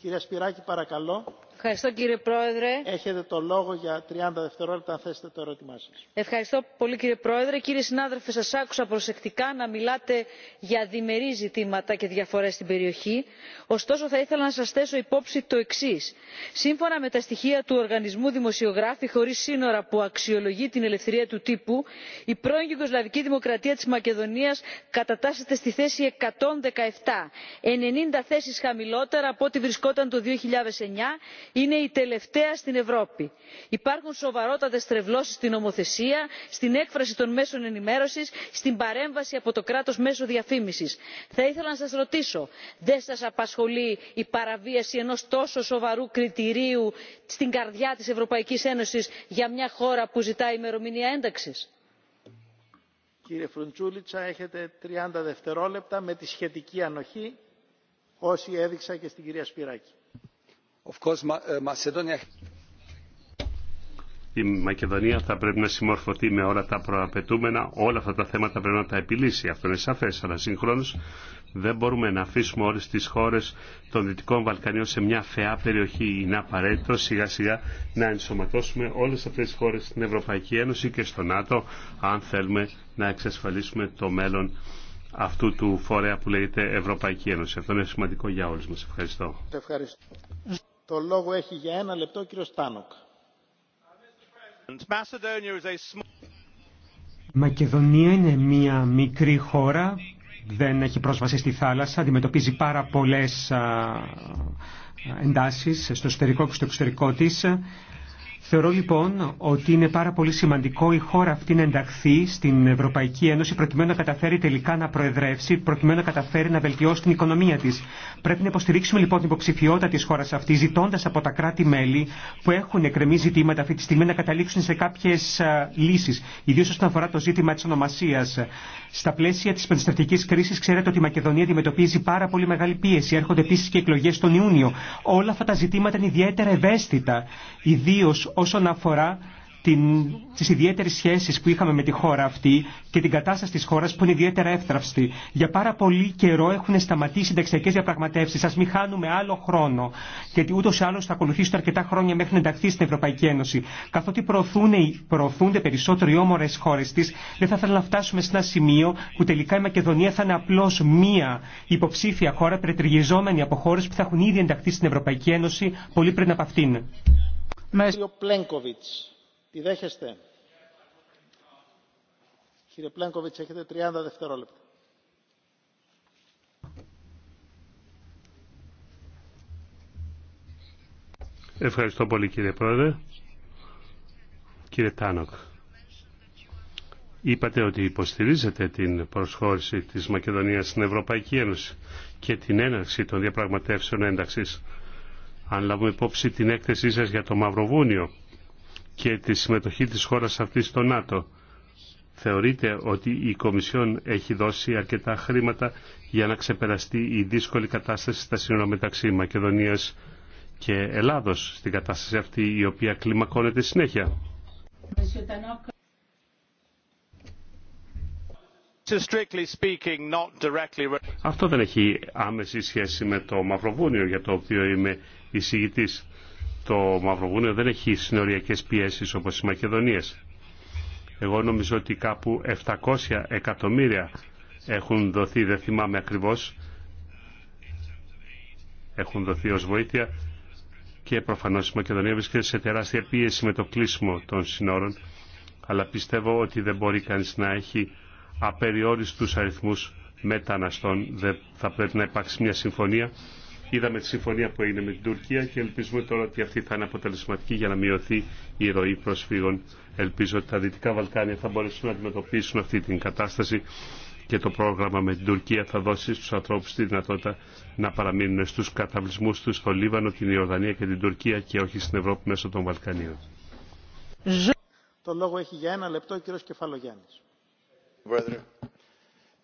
Την Σπυράκη, παρακαλώ. Ευχαριστώ κύριε Πρόεδρε. Έχετε το λόγο για 30 δευτερόλεπτα αν θέσετε το ερώτημά σας. Ευχαριστώ πολύ κύριε Πρόεδρε. Κύριε συνάδελφε, σας άκουσα προσεκτικά να μιλάτε για διμερεί ζητήματα και διαφορές στην περιοχή. Ωστόσο θα ήθελα να σας θέσω υπόψη το εξή. Σύμφωνα με τα στοιχεία του Οργανισμού Δημοσιογράφη Χωρίς Σύνορα που αξιολογεί την ελευθερία του τύπου, η πρώην Ιουγκοσλαβική Δημοκρατία της Μακεδονίας κατατάσσεται στη θέση 117, 90 θέσεις χαμηλότερα από ό,τι βρισκόταν το 2009 είναι η τελευταία στην ευρώπη. υπάρχουν σοβαρότατες τρευλώσεις στην νομοθεσία στην έκφραση των μέσων ενημέρωσης στην παρέμβαση από το κράτος μέσω διαφήμισης. θα ήθελα να σας ρωτήσω δεν σας απασχολεί η παραβίαση ενός τόσο σοβαρού κριτηρίου στην καρδιά της ευρωπαϊκής ένωσης για μια χώρα που ζητά ημερομηνία ένταξης; Κύριε Φρουντσούλητσα, έχετε 30 δευτερόλεπτα με τη σχετική ανοχή, όσοι έδειξα και στην κυρία Σπυράκη. Uh, Η Μακεδονία θα πρέπει να συμμορφωθεί με όλα τα προαπαιτούμενα, όλα αυτά τα θέματα πρέπει να τα επιλύσει. Αυτό είναι σαφέ. Αλλά συγχρόνω δεν μπορούμε να αφήσουμε όλε τι χώρε των Δυτικών Βαλκανίων σε μια φαιά περιοχή. Είναι απαραίτητο σιγά σιγά να ενσωματώσουμε όλε αυτέ τι χώρε στην Ευρωπαϊκή Ένωση και στο ΝΑΤΟ, αν θέλουμε να εξασφαλίσουμε το μέλλον αυτού του φορέα που λέγεται Ευρωπαϊκή Ένωση. Αυτό είναι σημαντικό για όλου μα. Ευχαριστώ. Ευχαριστώ. Το λόγο έχει για ένα λεπτό ο κύριος Τάνοκ. Μακεδονία είναι μία μικρή χώρα, δεν έχει πρόσβαση στη θάλασσα, αντιμετωπίζει πάρα πολλές εντάσεις στο εσωτερικό και στο εξωτερικό της. Θεωρώ λοιπόν ότι είναι πάρα πολύ σημαντικό η χώρα αυτή να ενταχθεί στην Ευρωπαϊκή Ένωση προκειμένου να καταφέρει τελικά να προεδρεύσει, προκειμένου να καταφέρει να βελτιώσει την οικονομία τη. Πρέπει να υποστηρίξουμε λοιπόν την υποψηφιότητα τη χώρα αυτή, ζητώντα από τα κράτη-μέλη που έχουν εκκρεμεί ζητήματα αυτή τη στιγμή να καταλήξουν σε κάποιε λύσει, ιδίω όσον αφορά το ζήτημα τη ονομασία. Στα πλαίσια τη πενταστατική κρίση, ξέρετε ότι η Μακεδονία αντιμετωπίζει πάρα πολύ μεγάλη πίεση. Έρχονται επίση και εκλογέ τον Ιούνιο. Όλα αυτά τα ζητήματα είναι ιδιαίτερα ευαίσθητα, ιδίω όσον αφορά την, τις ιδιαίτερες σχέσεις που είχαμε με τη χώρα αυτή και την κατάσταση της χώρας που είναι ιδιαίτερα εύθραυστη. Για πάρα πολύ καιρό έχουν σταματήσει οι ταξιακές διαπραγματεύσεις. Ας μην χάνουμε άλλο χρόνο, γιατί ούτω ή άλλω θα ακολουθήσουν αρκετά χρόνια μέχρι να ενταχθεί στην Ευρωπαϊκή Ένωση. Καθότι προωθούνται περισσότερο οι όμορε χώρε τη, δεν θα ήθελα να φτάσουμε σε ένα σημείο που τελικά η Μακεδονία θα είναι απλώ μία υποψήφια χώρα, περιτριγιζόμενη από χώρε που θα έχουν ήδη ενταχθεί στην Ευρωπαϊκή Ένωση πολύ πριν από αυτήν. Κύριο Πλένκοβιτς, τη δέχεστε. Κύριε Πλένκοβιτς, έχετε 30 δευτερόλεπτα. Ευχαριστώ πολύ κύριε Πρόεδρε. Κύριε Τάνοκ, είπατε ότι υποστηρίζετε την προσχώρηση της Μακεδονίας στην Ευρωπαϊκή Ένωση και την έναρξη των διαπραγματεύσεων ένταξης αν λάβουμε υπόψη την έκθεσή σας για το Μαυροβούνιο και τη συμμετοχή της χώρας αυτής στο ΝΑΤΟ, θεωρείτε ότι η Κομισιόν έχει δώσει αρκετά χρήματα για να ξεπεραστεί η δύσκολη κατάσταση στα σύνορα μεταξύ Μακεδονίας και Ελλάδος στην κατάσταση αυτή η οποία κλιμακώνεται συνέχεια. Αυτό δεν έχει άμεση σχέση με το Μαυροβούνιο για το οποίο είμαι εισηγητής. Το Μαυροβούνιο δεν έχει συνοριακές πιέσεις όπως οι Μακεδονίες. Εγώ νομίζω ότι κάπου 700 εκατομμύρια έχουν δοθεί, δεν θυμάμαι ακριβώς, έχουν δοθεί ως βοήθεια και προφανώς η Μακεδονία βρίσκεται σε τεράστια πίεση με το κλείσιμο των συνόρων αλλά πιστεύω ότι δεν μπορεί κανείς να έχει απεριόριστους αριθμούς μεταναστών. θα πρέπει να υπάρξει μια συμφωνία. Είδαμε τη συμφωνία που έγινε με την Τουρκία και ελπίζουμε τώρα ότι αυτή θα είναι αποτελεσματική για να μειωθεί η ροή προσφύγων. Ελπίζω ότι τα Δυτικά Βαλκάνια θα μπορέσουν να αντιμετωπίσουν αυτή την κατάσταση και το πρόγραμμα με την Τουρκία θα δώσει στους ανθρώπους τη δυνατότητα να παραμείνουν στους καταβλισμούς τους στο Λίβανο, την Ιορδανία και την Τουρκία και όχι στην Ευρώπη μέσω των Βαλκανίων. Το λόγο έχει για ένα λεπτό ο κύριος Κεφαλογιάννης πρόεδρε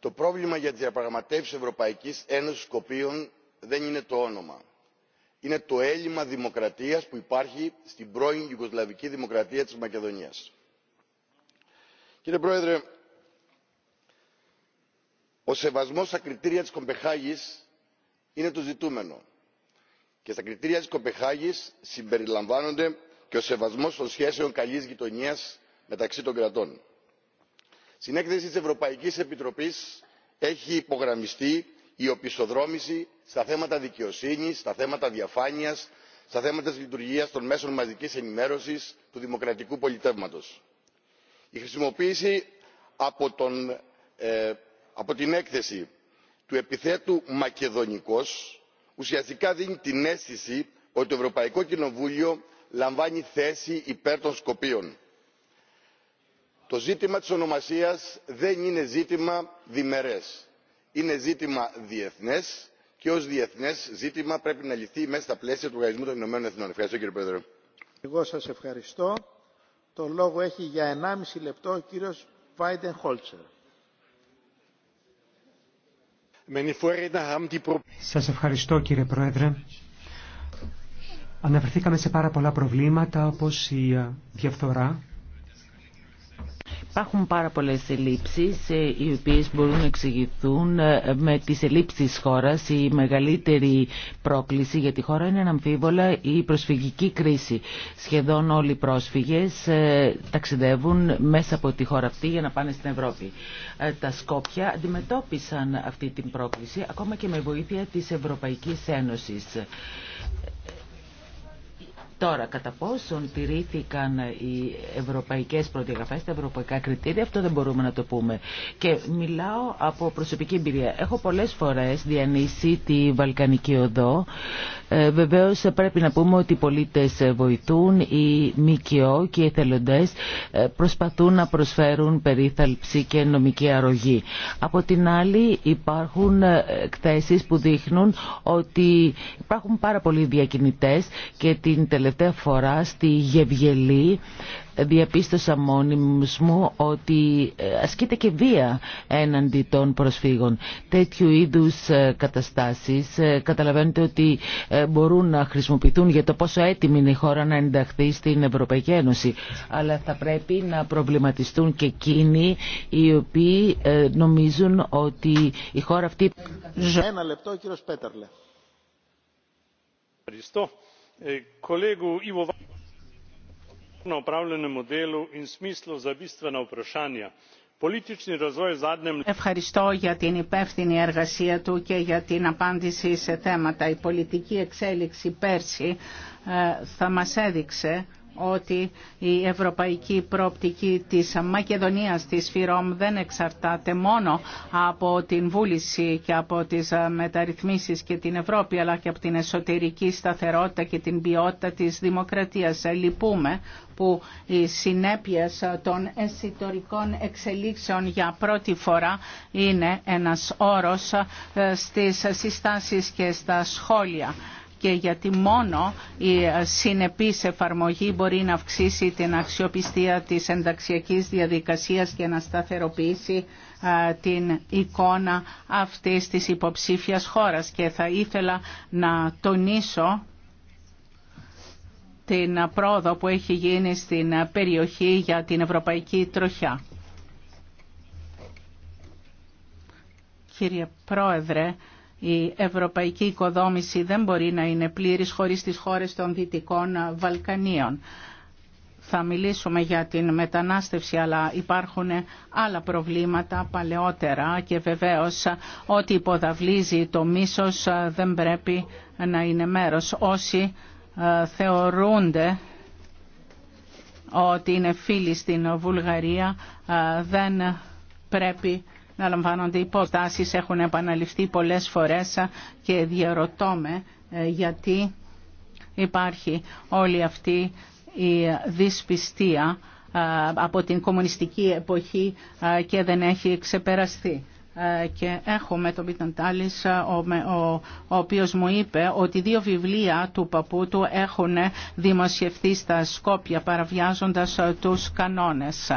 το πρόβλημα για τις διαπραγματεύσεις ευρωπαϊκής ένωσης σκοπίων δεν είναι το όνομα είναι το έλλειμμα δημοκρατίας που υπάρχει στην πρώην ιουγκοσλαβική δημοκρατία της μακεδονίας. κύριε πρόεδρε ο σεβασμός στα κριτήρια της Κομπεχάγης είναι το ζητούμενο και στα κριτήρια της κοπεχάγης συμπεριλαμβάνονται και ο σεβασμός των σχέσεων καλής γειτονίας μεταξύ των κρατών στην έκθεση της ευρωπαϊκής επιτροπής έχει υπογραμμιστεί η οπισθοδρόμηση στα θέματα δικαιοσύνης στα θέματα διαφάνειας στα θέματα της λειτουργίας των μέσων μαζικής ενημέρωσης του δημοκρατικού πολιτεύματος. η χρησιμοποίηση από, ε, την έκθεση του επιθέτου μακεδονικός ουσιαστικά δίνει την αίσθηση ότι το ευρωπαϊκό κοινοβούλιο λαμβάνει θέση υπέρ των σκοπίων το ζήτημα της ονομασίας δεν είναι ζήτημα διμερές είναι ζήτημα διεθνές και ως διεθνές ζήτημα πρέπει να λυθεί μέσα στα πλαίσια του οργανισμού των ηνωμένων εθνών. Ευχαριστώ κύριε Πρόεδρε. Εγώ σας ευχαριστώ. Το λόγο έχει για 1,5 λεπτό ο κύριος Βάιντεν Χόλτσερ. Σας ευχαριστώ κύριε Πρόεδρε. Αναφερθήκαμε σε πάρα πολλά προβλήματα όπως η ε, διαφθορά, Υπάρχουν πάρα πολλές ελλείψεις ε, οι οποίες μπορούν να εξηγηθούν ε, με τις ελλείψεις της χώρας. Η μεγαλύτερη πρόκληση για τη χώρα είναι αναμφίβολα η προσφυγική κρίση. Σχεδόν όλοι οι πρόσφυγες ε, ταξιδεύουν μέσα από τη χώρα αυτή για να πάνε στην Ευρώπη. Τα Σκόπια αντιμετώπισαν αυτή την πρόκληση ακόμα και με βοήθεια της Ευρωπαϊκής Ένωσης. Τώρα, κατά πόσον τηρήθηκαν οι ευρωπαϊκές προδιαγραφές, τα ευρωπαϊκά κριτήρια, αυτό δεν μπορούμε να το πούμε. Και μιλάω από προσωπική εμπειρία. Έχω πολλές φορές διανύσει τη Βαλκανική Οδό. Ε, βεβαίως πρέπει να πούμε ότι οι πολίτες βοηθούν, οι ΜΚΟ και οι εθελοντές ε, προσπαθούν να προσφέρουν περίθαλψη και νομική αρρωγή. Από την άλλη υπάρχουν ε, εκθέσεις που δείχνουν ότι υπάρχουν πάρα πολλοί διακινητές και την τελευταία τελευταία φορά στη Γευγελή ε, διαπίστωσα μόνιμος μου ότι ε, ασκείται και βία έναντι των προσφύγων. Τέτοιου είδους ε, καταστάσεις καταλαβαίνετε ότι μπορούν να χρησιμοποιηθούν για το πόσο έτοιμη είναι η χώρα να ενταχθεί στην Ευρωπαϊκή Ένωση. Αλλά θα πρέπει να προβληματιστούν και εκείνοι οι οποίοι νομίζουν ότι η χώρα αυτή... Ένα λεπτό, κύριος Πέτερλε. Eh, Ευχαριστώ για την υπεύθυνη εργασία του και για την απάντηση σε θέματα. Η πολιτική εξέλιξη πέρσι ε, θα μας έδειξε ότι η ευρωπαϊκή πρόπτικη της Μακεδονίας, της ΦΥΡΟΜ, δεν εξαρτάται μόνο από την βούληση και από τις μεταρρυθμίσεις και την Ευρώπη, αλλά και από την εσωτερική σταθερότητα και την ποιότητα της δημοκρατίας. Λυπούμε που οι συνέπειες των εσωτερικών εξελίξεων για πρώτη φορά είναι ένας όρος ε, στις συστάσεις και στα σχόλια και γιατί μόνο η ε, συνεπής εφαρμογή μπορεί να αυξήσει την αξιοπιστία της ενταξιακής διαδικασίας και να σταθεροποιήσει ε, την εικόνα αυτής της υποψήφιας χώρας. Και θα ήθελα να τονίσω την πρόοδο που έχει γίνει στην περιοχή για την Ευρωπαϊκή Τροχιά. Κύριε Πρόεδρε, η ευρωπαϊκή οικοδόμηση δεν μπορεί να είναι πλήρης χωρίς τις χώρες των Δυτικών Βαλκανίων. Θα μιλήσουμε για την μετανάστευση, αλλά υπάρχουν άλλα προβλήματα παλαιότερα και βεβαίως ό,τι υποδαβλίζει το μίσος δεν πρέπει να είναι μέρος. Όσοι ε, θεωρούνται ότι είναι φίλοι στην Βουλγαρία ε, δεν πρέπει να λαμβάνονται υποτάσεις, έχουν επαναληφθεί πολλές φορές και διαρωτώ ε, γιατί υπάρχει όλη αυτή η δυσπιστία ε, από την κομμουνιστική εποχή ε, και δεν έχει ξεπεραστεί και έχουμε τον Πίταν ο, ο οποίος μου είπε ότι δύο βιβλία του παππού του έχουν δημοσιευθεί στα Σκόπια παραβιάζοντας τους κανόνες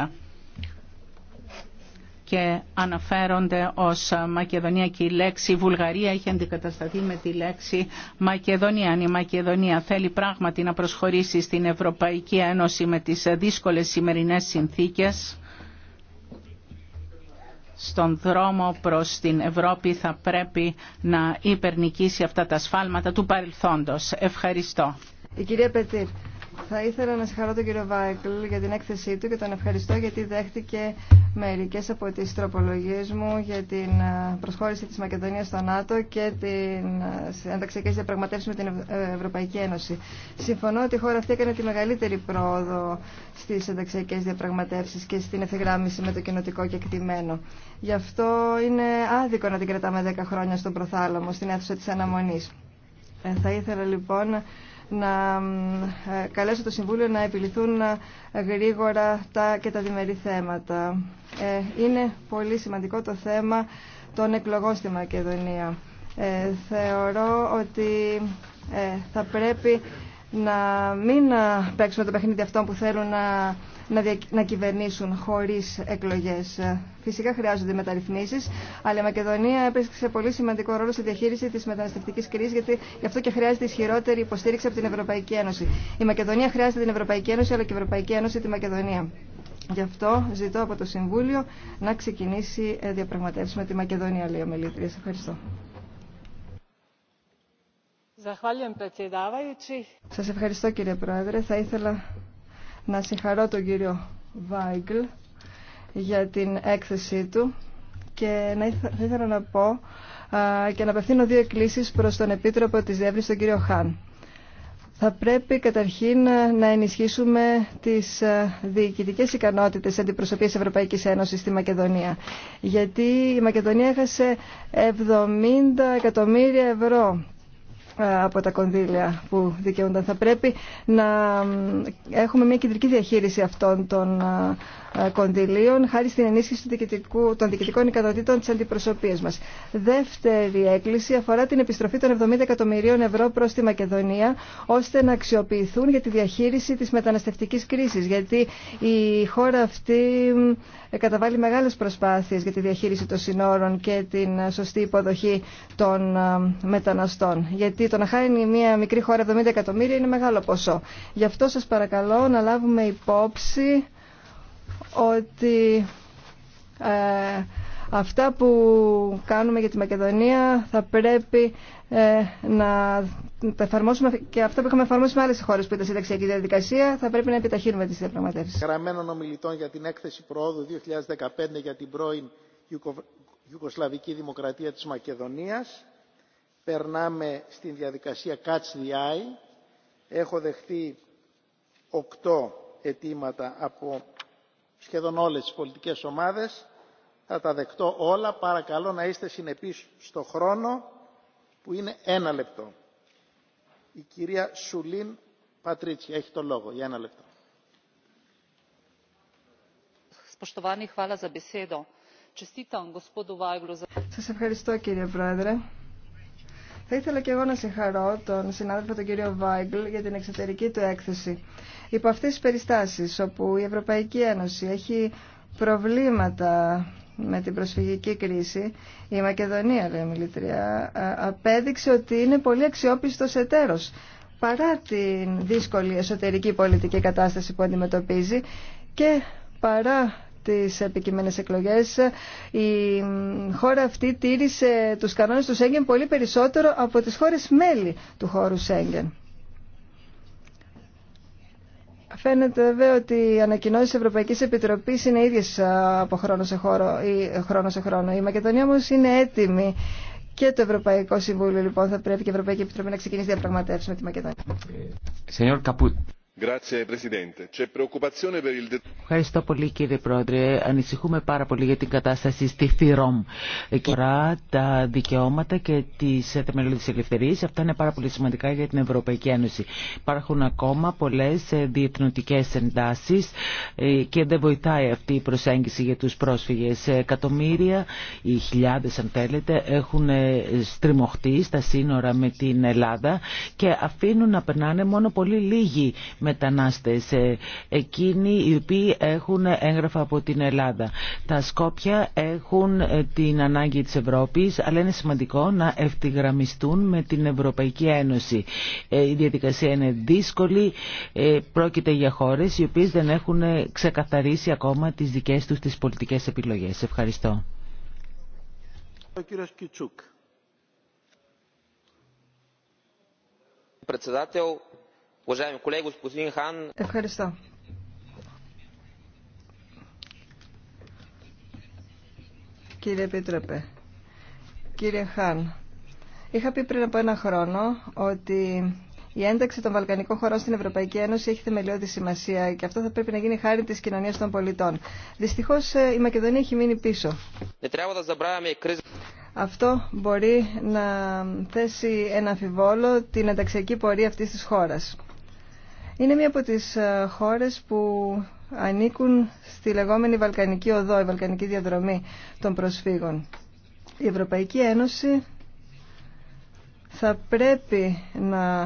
και αναφέρονται ως Μακεδονία και Η Βουλγαρία έχει αντικατασταθεί με τη λέξη Μακεδονία. Αν η Μακεδονία θέλει πράγματι να προσχωρήσει στην Ευρωπαϊκή Ένωση με τις δύσκολες σημερινές συνθήκες, στον δρόμο προς την Ευρώπη θα πρέπει να υπερνικήσει αυτά τα σφάλματα του παρελθόντος. Ευχαριστώ. Θα ήθελα να συγχαρώ τον κύριο Βάικλ για την έκθεσή του και τον ευχαριστώ γιατί δέχτηκε μερικέ από τι τροπολογίε μου για την ε, προσχώρηση τη Μακεδονίας στο ΝΑΤΟ και τι ενταξιακέ διαπραγματεύσει με την ε, Ευρωπαϊκή Ένωση. Συμφωνώ ότι η χώρα αυτή έκανε τη μεγαλύτερη πρόοδο στι ενταξιακέ διαπραγματεύσει και στην ευθυγράμμιση με το κοινοτικό κεκτημένο. Γι' αυτό είναι άδικο να την κρατάμε 10 χρόνια στον προθάλαμο, στην αίθουσα της Ε, Θα ήθελα λοιπόν να ε, καλέσω το Συμβούλιο να επιληθούν ε, γρήγορα τα και τα διμερή θέματα. Ε, είναι πολύ σημαντικό το θέμα των εκλογών στη Μακεδονία. Θεωρώ ότι θα πρέπει να μην ε, παίξουμε το παιχνίδι αυτών που θέλουν να, να, δια, να κυβερνήσουν χωρίς εκλογές. Ε, φυσικά χρειάζονται μεταρρυθμίσεις, αλλά η Μακεδονία έπαιξε πολύ σημαντικό ρόλο στη διαχείριση της μεταναστευτικής κρίσης, γιατί γι' αυτό και χρειάζεται ισχυρότερη υποστήριξη από την Ευρωπαϊκή Ένωση. Η Μακεδονία χρειάζεται την Ευρωπαϊκή Ένωση, αλλά και η Ευρωπαϊκή Ένωση τη Μακεδονία. Γι' αυτό ζητώ από το Συμβούλιο να ξεκινήσει ε, διαπραγματεύσει με τη Μακεδονία, λέει ο Ευχαριστώ. Σας ευχαριστώ κύριε Πρόεδρε. Θα ήθελα να συγχαρώ τον κύριο Βάιγκλ για την έκθεσή του και να ήθελα να πω και να απευθύνω δύο εκκλήσεις προς τον Επίτροπο της Διεύρυνσης, τον κύριο Χάν. Θα πρέπει καταρχήν να ενισχύσουμε τις διοικητικές ικανότητες αντιπροσωπείας Ευρωπαϊκής Ένωσης στη Μακεδονία. Γιατί η Μακεδονία έχασε 70 εκατομμύρια ευρώ ε, από τα κονδύλια που δικαιούνταν. Θα πρέπει να έχουμε μια κεντρική διαχείριση αυτών των ε, ε, χάρη στην ενίσχυση των διοικητικών ικανοτήτων της αντιπροσωπεία μας. Δεύτερη έκκληση αφορά την επιστροφή των 70 εκατομμυρίων ευρώ προ τη Μακεδονία ώστε να αξιοποιηθούν για τη διαχείριση τη μεταναστευτική κρίση. γιατί η χώρα αυτή ε, καταβάλει μεγάλε προσπάθειες για τη διαχείριση των συνόρων και την ε, σωστή υποδοχή των μεταναστών. Γιατί το να χάνει μια μικρή χώρα 70 εκατομμύρια είναι μεγάλο ποσό. Γι' αυτό σα παρακαλώ να λάβουμε υπόψη ότι ε, αυτά που κάνουμε για τη Μακεδονία θα πρέπει ε, να τα εφαρμόσουμε και αυτά που είχαμε εφαρμόσει με άλλες χώρες που ήταν συνταξιακή διαδικασία θα πρέπει να επιταχύνουμε τις διαπραγματεύσεις. Γραμμένων ομιλητών για την έκθεση προόδου 2015 για την πρώην Ιουγκοσλαβική Δημοκρατία της Μακεδονίας. Περνάμε στην διαδικασία Catch the Eye. Έχω δεχτεί οκτώ αιτήματα από σχεδόν όλες τις πολιτικές ομάδες. Θα τα δεκτώ όλα. Παρακαλώ να είστε συνεπείς στο χρόνο που είναι ένα λεπτό. Η κυρία Σουλίν Πατρίτσι έχει το λόγο για ένα λεπτό. Σας ευχαριστώ κύριε Πρόεδρε. Θα ήθελα και εγώ να συγχαρώ τον συνάδελφο τον κύριο Βάγκλ για την εξωτερική του έκθεση. Υπό αυτές τις περιστάσεις όπου η Ευρωπαϊκή Ένωση έχει προβλήματα με την προσφυγική κρίση, η Μακεδονία, λέει μιλήτρια, απέδειξε ότι είναι πολύ αξιόπιστος εταίρος. Παρά την δύσκολη εσωτερική πολιτική κατάσταση που αντιμετωπίζει και παρά τις επικείμενες εκλογές η χώρα αυτή τήρησε τους κανόνες του Σέγγεν πολύ περισσότερο από τις χώρες μέλη του χώρου Σέγγεν. Φαίνεται βέβαια ότι οι ανακοινώσει τη Ευρωπαϊκή Επιτροπή είναι ίδιε από χρόνο σε, χώρο, ή χρόνο σε χρόνο. Η Μακεδονία όμω είναι έτοιμη και το Ευρωπαϊκό Συμβούλιο λοιπόν θα πρέπει και η Ευρωπαϊκή Επιτροπή να ξεκινήσει διαπραγματεύσει με τη Μακεδονία. Καπούτ. Ευχαριστώ πολύ κύριε Πρόεδρε. Ανησυχούμε πάρα πολύ για την κατάσταση στη ΦΥΡΟΜ. Εκεί αφορά τα δικαιώματα και τι θεμελιώδει ελευθερίε. Αυτά είναι πάρα πολύ σημαντικά για την Ευρωπαϊκή Ένωση. Υπάρχουν ακόμα πολλέ ε, διεθνωτικέ εντάσει ε, και δεν βοηθάει αυτή η προσέγγιση για του πρόσφυγε. Ε, εκατομμύρια ή χιλιάδε, αν θέλετε, έχουν στριμωχτεί στα σύνορα με την Ελλάδα και αφήνουν να περνάνε μόνο πολύ λίγοι μετανάστες, ε, εκείνοι οι οποίοι έχουν έγγραφα από την Ελλάδα. Τα Σκόπια έχουν ε, την ανάγκη της Ευρώπης, αλλά είναι σημαντικό να ευθυγραμμιστούν με την Ευρωπαϊκή Ένωση. Ε, η διαδικασία είναι δύσκολη, πρόκειται για χώρες οι οποίες δεν έχουν ξεκαθαρίσει ακόμα τις δικές τους τις πολιτικές επιλογές. Ευχαριστώ. Ευχαριστώ. Κύριε Επίτροπε, κύριε Χάν, είχα πει πριν από ένα χρόνο ότι η ένταξη των Βαλκανικών χωρών στην Ευρωπαϊκή Ένωση έχει θεμελιώδη σημασία και αυτό θα πρέπει να γίνει χάρη τη κοινωνία των πολιτών. Δυστυχώ ε, η Μακεδονία έχει μείνει πίσω. Αυτό μπορεί να θέσει ένα αμφιβόλο την ενταξιακή πορεία αυτή τη χώρα. Είναι μία από τις ε, χώρες που ανήκουν στη λεγόμενη Βαλκανική Οδό, η Βαλκανική Διαδρομή των προσφύγων. Η Ευρωπαϊκή Ένωση θα πρέπει να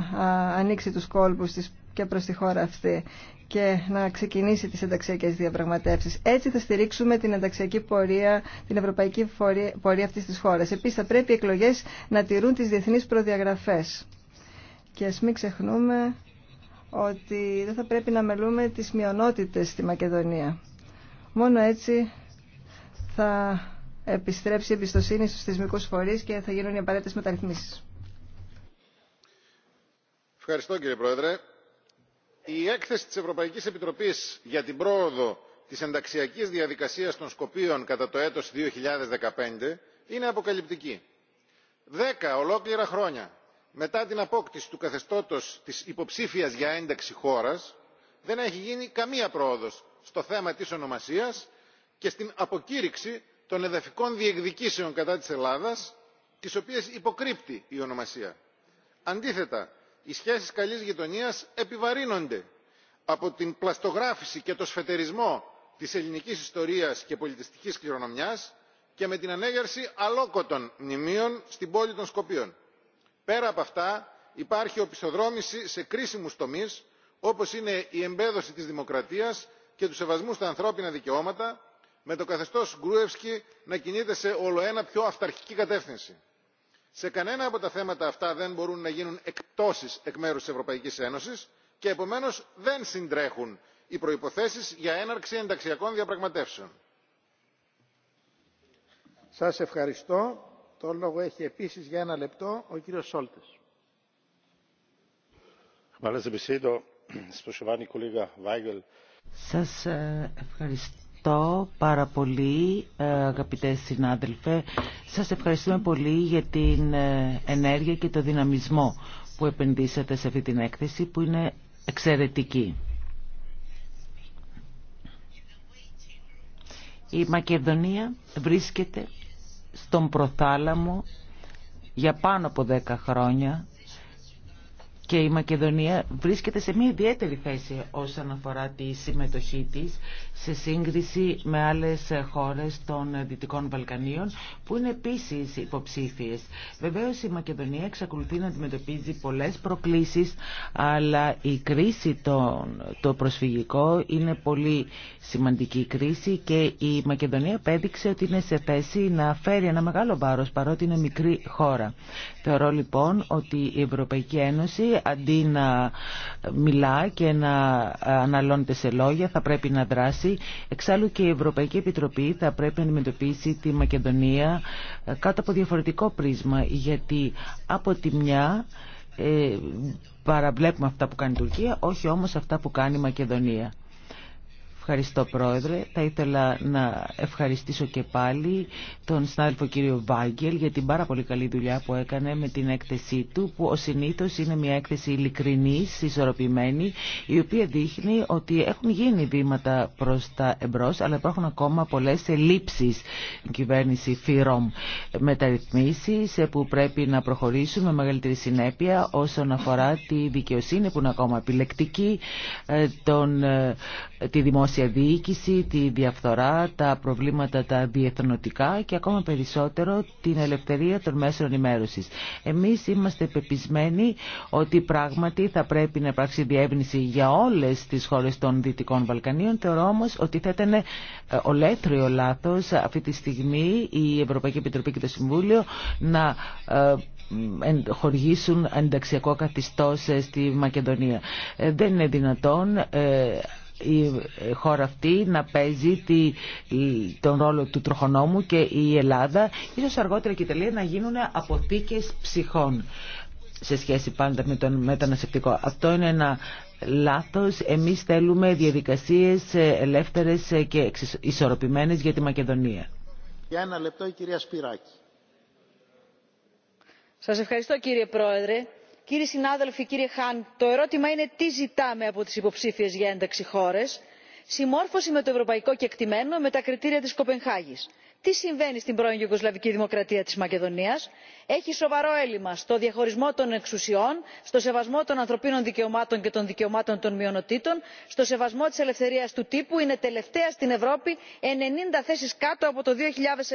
ανοίξει τους κόλπους της και προς τη χώρα αυτή και να ξεκινήσει τις ενταξιακές διαπραγματεύσεις. Έτσι θα στηρίξουμε την ενταξιακή πορεία, την ευρωπαϊκή πορεία αυτής της χώρας. Επίσης θα πρέπει οι εκλογές να τηρούν τις διεθνείς προδιαγραφές. Και ας μην ξεχνούμε ότι δεν θα πρέπει να μελούμε τις μειονότητες στη Μακεδονία. Μόνο έτσι θα επιστρέψει η εμπιστοσύνη στους θεσμικούς φορείς και θα γίνουν οι απαραίτητες μεταρρυθμίσεις. Ευχαριστώ κύριε Πρόεδρε. Η έκθεση της Ευρωπαϊκής Επιτροπής για την πρόοδο της ενταξιακής διαδικασίας των Σκοπίων κατά το έτος 2015 είναι αποκαλυπτική. Δέκα ολόκληρα χρόνια μετά την απόκτηση του καθεστώτος της υποψήφιας για ένταξη χώρας δεν έχει γίνει καμία πρόοδος στο θέμα της ονομασίας και στην αποκήρυξη των εδαφικών διεκδικήσεων κατά της ελλάδας τις οποίες υποκρύπτει η ονομασία. αντίθετα οι σχέσεις καλής γειτονίας επιβαρύνονται από την πλαστογράφηση και το σφετερισμό της ελληνικής ιστορίας και πολιτιστικής κληρονομιάς και με την ανέγερση αλόκοτων μνημείων στην πόλη των σκοπίων πέρα από αυτά υπάρχει οπισθοδρόμηση σε κρίσιμους τομείς όπως είναι η εμπέδωση της δημοκρατίας και του σεβασμού στα ανθρώπινα δικαιώματα με το καθεστώς Γκρούευσκι να κινείται σε ολοένα πιο αυταρχική κατεύθυνση. σε κανένα από τα θέματα αυτά δεν μπορούν να γίνουν εκπτώσεις εκ μέρους της ευρωπαϊκής ένωσης και επομένως δεν συντρέχουν οι προϋποθέσεις για έναρξη ενταξιακών διαπραγματεύσεων. σας ευχαριστώ. Το λόγο έχει επίσης για ένα λεπτό ο κύριος Σόλτες. Σας ε, ευχαριστώ πάρα πολύ ε, αγαπητέ συνάδελφε. Σας ευχαριστούμε πολύ για την ε, ενέργεια και το δυναμισμό που επενδύσατε σε αυτή την έκθεση που είναι εξαιρετική. Η Μακεδονία βρίσκεται στον προθάλαμο για πάνω από δέκα χρόνια και η Μακεδονία βρίσκεται σε μια ιδιαίτερη θέση όσον αφορά τη συμμετοχή της σε σύγκριση με άλλες χώρες των Δυτικών Βαλκανίων που είναι επίσης υποψήφιες. Βεβαίως η Μακεδονία εξακολουθεί να αντιμετωπίζει πολλές προκλήσεις αλλά η κρίση το, το προσφυγικό είναι πολύ σημαντική κρίση και η Μακεδονία απέδειξε ότι είναι σε θέση να φέρει ένα μεγάλο βάρος παρότι είναι μικρή χώρα. Θεωρώ λοιπόν ότι η Ευρωπαϊκή Ένωση αντί να μιλά και να αναλώνεται σε λόγια θα πρέπει να δράσει. Εξάλλου και η Ευρωπαϊκή Επιτροπή θα πρέπει να αντιμετωπίσει τη Μακεδονία κάτω από διαφορετικό πρίσμα γιατί από τη μια ε, παραβλέπουμε αυτά που κάνει η Τουρκία όχι όμως αυτά που κάνει η Μακεδονία. Ευχαριστώ Πρόεδρε. Θα ήθελα να ευχαριστήσω και πάλι τον συνάδελφο κύριο Βάγγελ για την πάρα πολύ καλή δουλειά που έκανε με την έκθεσή του που ο συνήθως είναι μια έκθεση ειλικρινής, ισορροπημένη η οποία δείχνει ότι έχουν γίνει βήματα προς τα εμπρός αλλά υπάρχουν ακόμα πολλές ελλείψεις η κυβέρνηση ΦΥΡΟΜ μεταρρυθμίσεις που πρέπει να προχωρήσουν με μεγαλύτερη συνέπεια όσον αφορά τη δικαιοσύνη που είναι ακόμα επιλεκτική, ε, τον, ε, τη δημόσια δημόσια διοίκηση, τη διαφθορά, τα προβλήματα τα διεθνωτικά και ακόμα περισσότερο την ελευθερία των μέσων ενημέρωσης. Εμείς είμαστε πεπισμένοι ότι πράγματι θα πρέπει να υπάρξει διεύνηση για όλες τις χώρες των Δυτικών Βαλκανίων. Θεωρώ όμω ότι θα ήταν ε, ολέθριο λάθος αυτή τη στιγμή η Ευρωπαϊκή Επιτροπή και το Συμβούλιο να ε, χορηγήσουν ενταξιακό καθιστώ στη Μακεδονία. Ε, δεν είναι δυνατόν η χώρα αυτή να παίζει τον ρόλο του τροχονόμου και η Ελλάδα, ίσως αργότερα και η να γίνουν αποθήκες ψυχών σε σχέση πάντα με τον μεταναστευτικό. Αυτό είναι ένα λάθος. Εμείς θέλουμε διαδικασίες ελεύθερες και ισορροπημένες για τη Μακεδονία. Για ένα λεπτό η κυρία Σπυράκη. Σας ευχαριστώ κύριε Πρόεδρε κύριοι συνάδελφοι κύριε Χάν, το ερώτημα είναι τι ζητάμε από τις υποψήφιες για ένταξη χώρες συμμόρφωση με το ευρωπαϊκό κεκτημένο με τα κριτήρια της κοπενχάγης. τι συμβαίνει στην πρώην γιουγκοσλαβική δημοκρατία της μακεδονίας; έχει σοβαρό έλλειμμα στο διαχωρισμό των εξουσιών στο σεβασμό των ανθρωπίνων δικαιωμάτων και των δικαιωμάτων των μειονοτήτων στο σεβασμό της ελευθερίας του τύπου είναι τελευταία στην ευρώπη ενενήντα θέσεις κάτω από το. δύο χιλιάδες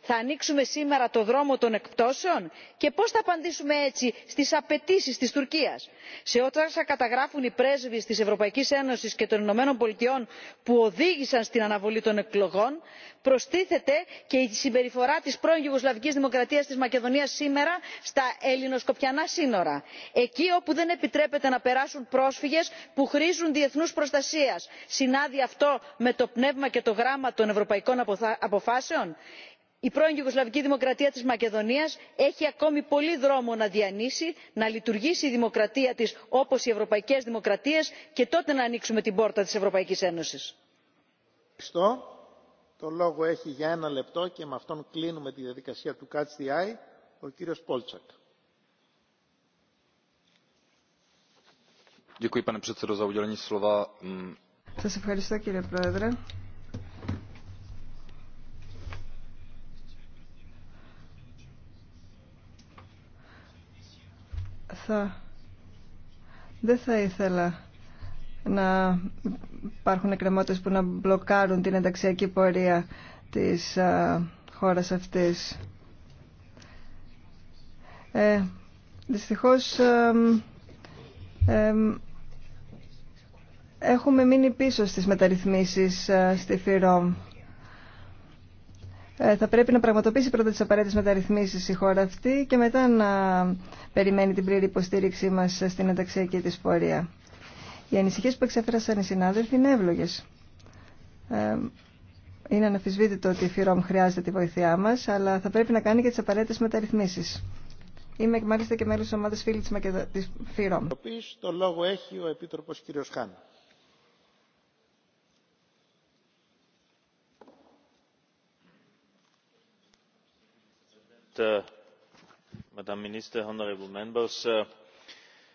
θα ανοίξουμε σήμερα το δρόμο των εκπτώσεων και πώς θα απαντήσουμε έτσι στις απαιτήσεις της τουρκίας σε όσα καταγράφουν οι πρέσβεις της ευρωπαϊκής ένωσης και των ηνωμένων πολιτειών που οδήγησαν στην αναβολή των εκλογών προστίθεται και η συμπεριφορά της πρώην γιουγκοσλαβικής δημοκρατίας της μακεδονίας σήμερα στα ελληνοσκοπιανά σύνορα εκεί όπου δεν επιτρέπεται να περάσουν πρόσφυγες που χρήζουν διεθνούς προστασίας. συνάδει αυτό με το πνεύμα και το γράμμα των ευρωπαϊκών αποφάσεων; η πρώην ιουγκοσλαβική δημοκρατία της μακεδονίας έχει ακόμη πολύ δρόμο να διανύσει να λειτουργήσει η δημοκρατία της όπως οι ευρωπαϊκές δημοκρατίες και τότε να ανοίξουμε την πόρτα της ευρωπαϊκής ένωσης. Ευχαριστώ. Το λόγο έχει για ένα λεπτό και με αυτόν κλείνουμε τη διαδικασία του Catch ο κύριος Πόλτσακ. Σας ευχαριστώ κύριε Πρόεδρε. Δεν θα ήθελα να υπάρχουν εκκρεμότητες που να μπλοκάρουν την ενταξιακή πορεία της χώρας αυτής. Ε, δυστυχώς έχουμε μείνει πίσω στις μεταρρυθμίσεις στη ΦΥΡΟΜ. Ε, θα πρέπει να πραγματοποιήσει πρώτα τις απαραίτητες μεταρρυθμίσεις η χώρα αυτή και μετά να περιμένει την πλήρη υποστήριξή μας στην ενταξιακή της πορεία. Οι ανησυχίες που εξέφρασαν οι συνάδελφοι είναι εύλογες. Ε, είναι αναφυσβήτητο ότι η ΦΥΡΟΜ χρειάζεται τη βοήθειά μας, αλλά θα πρέπει να κάνει και τις απαραίτητες μεταρρυθμίσεις. Είμαι μάλιστα και μέλος της ομάδας φίλη τη ΦΥΡΟΜ. Το λόγο έχει ο Επίτροπος κ.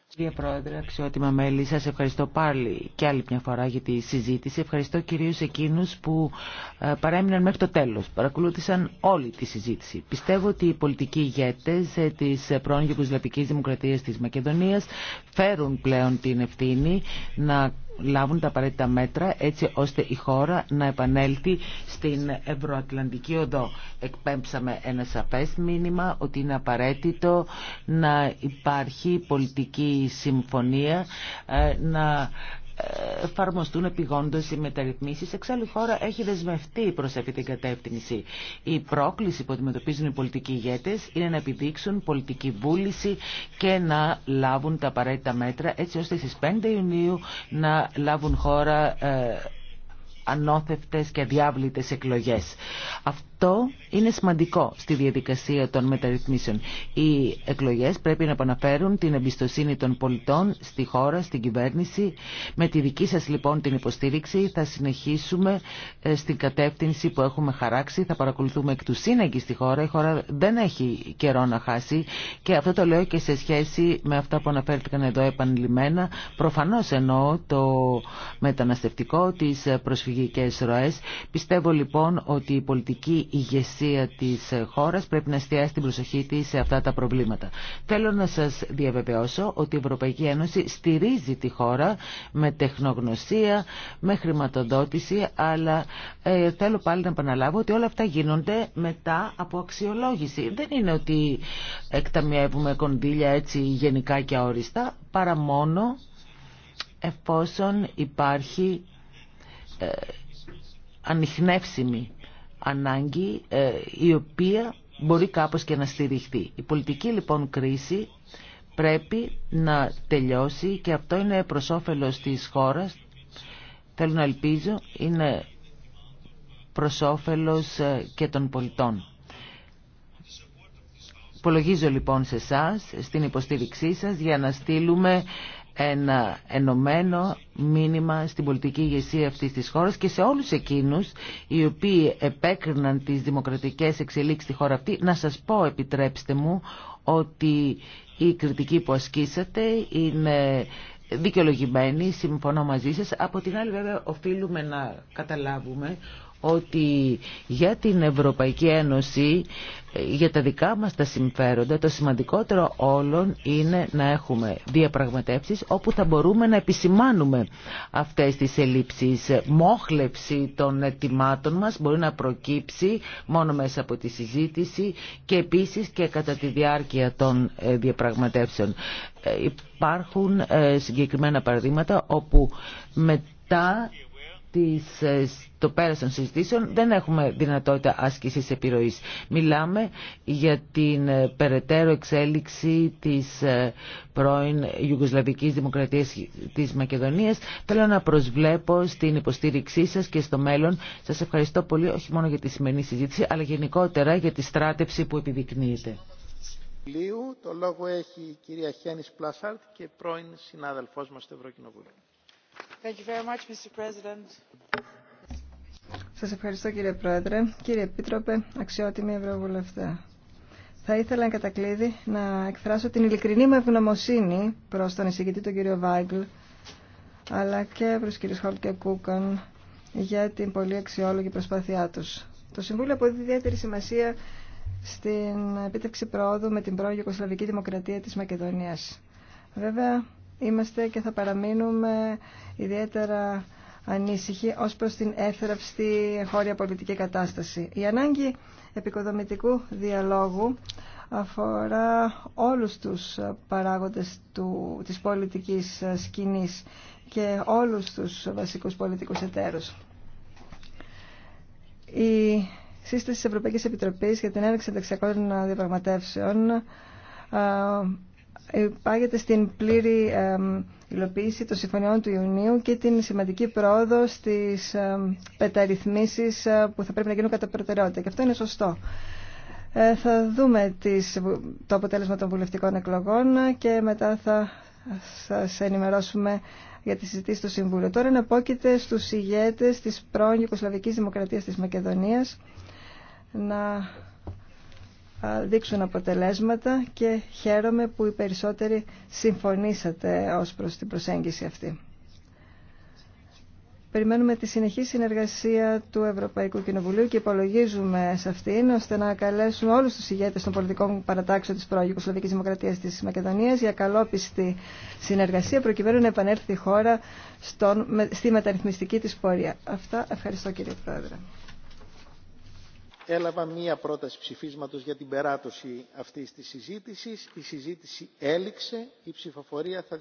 Κύριε Πρόεδρε, αξιότιμα μέλη, σας ευχαριστώ πάλι και άλλη μια φορά για τη συζήτηση. Ευχαριστώ κυρίως εκείνους που ε, παρέμειναν μέχρι το τέλος, παρακολούθησαν όλη τη συζήτηση. Πιστεύω ότι οι πολιτικοί ηγέτες ε, της πρώην Γιουγκοσλαβικής Δημοκρατίας της Μακεδονίας φέρουν πλέον την ευθύνη να λάβουν τα απαραίτητα μέτρα έτσι ώστε η χώρα να επανέλθει στην Ευρωατλαντική Οδό. Εκπέμψαμε ένα σαφές μήνυμα ότι είναι απαραίτητο να υπάρχει πολιτική συμφωνία, ε, να εφαρμοστούν επιγόντω οι μεταρρυθμίσει. Εξάλλου, η χώρα έχει δεσμευτεί προ αυτή την κατεύθυνση. Η πρόκληση που αντιμετωπίζουν οι πολιτικοί ηγέτε είναι να επιδείξουν πολιτική βούληση και να λάβουν τα απαραίτητα μέτρα, έτσι ώστε στι 5 Ιουνίου να λάβουν χώρα ε, ανώθευτες και αδιάβλητες εκλογές αυτό είναι σημαντικό στη διαδικασία των μεταρρυθμίσεων. Οι εκλογές πρέπει να επαναφέρουν την εμπιστοσύνη των πολιτών στη χώρα, στην κυβέρνηση. Με τη δική σας λοιπόν την υποστήριξη θα συνεχίσουμε ε, στην κατεύθυνση που έχουμε χαράξει. Θα παρακολουθούμε εκ του σύναγκη στη χώρα. Η χώρα δεν έχει καιρό να χάσει και αυτό το λέω και σε σχέση με αυτά που αναφέρθηκαν εδώ επανειλημμένα. Προφανώς εννοώ το μεταναστευτικό, τις προσφυγικές ροές. Πιστεύω λοιπόν ότι η πολιτική ηγεσία της ε, χώρας πρέπει να εστιάσει την προσοχή της σε αυτά τα προβλήματα. Θέλω να σας διαβεβαιώσω ότι η Ευρωπαϊκή Ένωση στηρίζει τη χώρα με τεχνογνωσία, με χρηματοδότηση, αλλά ε, θέλω πάλι να επαναλάβω ότι όλα αυτά γίνονται μετά από αξιολόγηση. Δεν είναι ότι εκταμιεύουμε κονδύλια έτσι γενικά και αόριστα, παρά μόνο εφόσον υπάρχει ε, ανάγκη ε, η οποία μπορεί κάπως και να στηριχθεί. Η πολιτική λοιπόν κρίση πρέπει να τελειώσει και αυτό είναι προς όφελος της χώρας. Θέλω να ελπίζω είναι προς όφελος ε, και των πολιτών. Υπολογίζω λοιπόν σε εσά, στην υποστήριξή σας για να στείλουμε ένα ενωμένο μήνυμα στην πολιτική ηγεσία αυτής της χώρας και σε όλους εκείνους οι οποίοι επέκριναν τις δημοκρατικές εξελίξεις στη χώρα αυτή να σας πω επιτρέψτε μου ότι η κριτική που ασκήσατε είναι δικαιολογημένη, συμφωνώ μαζί σας. Από την άλλη βέβαια οφείλουμε να καταλάβουμε ότι για την Ευρωπαϊκή Ένωση, ε, για τα δικά μας τα συμφέροντα, το σημαντικότερο όλων είναι να έχουμε διαπραγματεύσεις όπου θα μπορούμε να επισημάνουμε αυτές τις ελλείψεις. Μόχλευση των ετοιμάτων μας μπορεί να προκύψει μόνο μέσα από τη συζήτηση και επίσης και κατά τη διάρκεια των ε, διαπραγματεύσεων. Ε, υπάρχουν συγκεκριμένα παραδείγματα όπου μετά στο ε, πέρας των συζητήσεων δεν έχουμε δυνατότητα άσκησης επιρροής. Μιλάμε για την ε, περαιτέρω εξέλιξη της ε, πρώην Ιουγκοσλαβικής Δημοκρατίας της Μακεδονίας. Θέλω να προσβλέπω στην υποστήριξή σας και στο μέλλον. Σας ευχαριστώ πολύ όχι μόνο για τη σημερινή συζήτηση αλλά γενικότερα για τη στράτευση που επιδεικνύεται. Το λόγο έχει η κυρία Χένης Πλασάρτ και πρώην συνάδελφός μας στο Ευρωκοινοβούλιο. Σας ευχαριστώ κύριε Πρόεδρε, κύριε Επίτροπε, αξιότιμοι ευρωβουλευτέ. Θα ήθελα εν κατακλείδη να εκφράσω την ειλικρινή μου ευγνωμοσύνη προς τον εισηγητή τον κύριο Βάγκλ, αλλά και προς κύριο Χόλτ και Κούκαν για την πολύ αξιόλογη προσπάθειά τους. Το Συμβούλιο αποδίδει ιδιαίτερη σημασία στην επίτευξη πρόοδου με την πρώην Ιουκοσλαβική Δημοκρατία της Μακεδονίας. Βέβαια, είμαστε και θα παραμείνουμε ιδιαίτερα ανήσυχοι ως προς την έθραυστη χώρια πολιτική κατάσταση. Η ανάγκη επικοδομητικού διαλόγου αφορά όλους τους παράγοντες του, της πολιτικής σκηνής και όλους τους βασικούς πολιτικούς εταίρους. Η σύσταση της Ευρωπαϊκής Επιτροπής για την έναρξη ενταξιακών διαπραγματεύσεων πάγεται στην πλήρη υλοποίηση των συμφωνιών του Ιουνίου και την σημαντική πρόοδο στις πεταρρυθμίσεις ε, που θα πρέπει να γίνουν κατά προτεραιότητα. Και αυτό είναι σωστό. Ε, θα δούμε το αποτέλεσμα των βουλευτικών εκλογών και μετά θα σας ενημερώσουμε για τη συζήτηση στο Συμβούλιο. Τώρα του στους ηγέτες της πρώην Ιουκοσλαβικής Δημοκρατίας της Μακεδονίας να δείξουν αποτελέσματα και χαίρομαι που οι περισσότεροι συμφωνήσατε ως προς την προσέγγιση αυτή. Περιμένουμε τη συνεχή συνεργασία του Ευρωπαϊκού Κοινοβουλίου και υπολογίζουμε σε αυτήν ώστε να καλέσουμε όλου του ηγέτε των πολιτικών παρατάξεων τη πρώην Οικοσλαβική Δημοκρατία τη Μακεδονία για καλόπιστη συνεργασία προκειμένου να επανέλθει η χώρα στον, στη μεταρρυθμιστική τη πορεία. Αυτά. Ευχαριστώ κύριε Πρόεδρε έλαβα μία πρόταση ψηφίσματος για την περάτωση αυτής της συζήτησης. Η συζήτηση έληξε. Η ψηφοφορία θα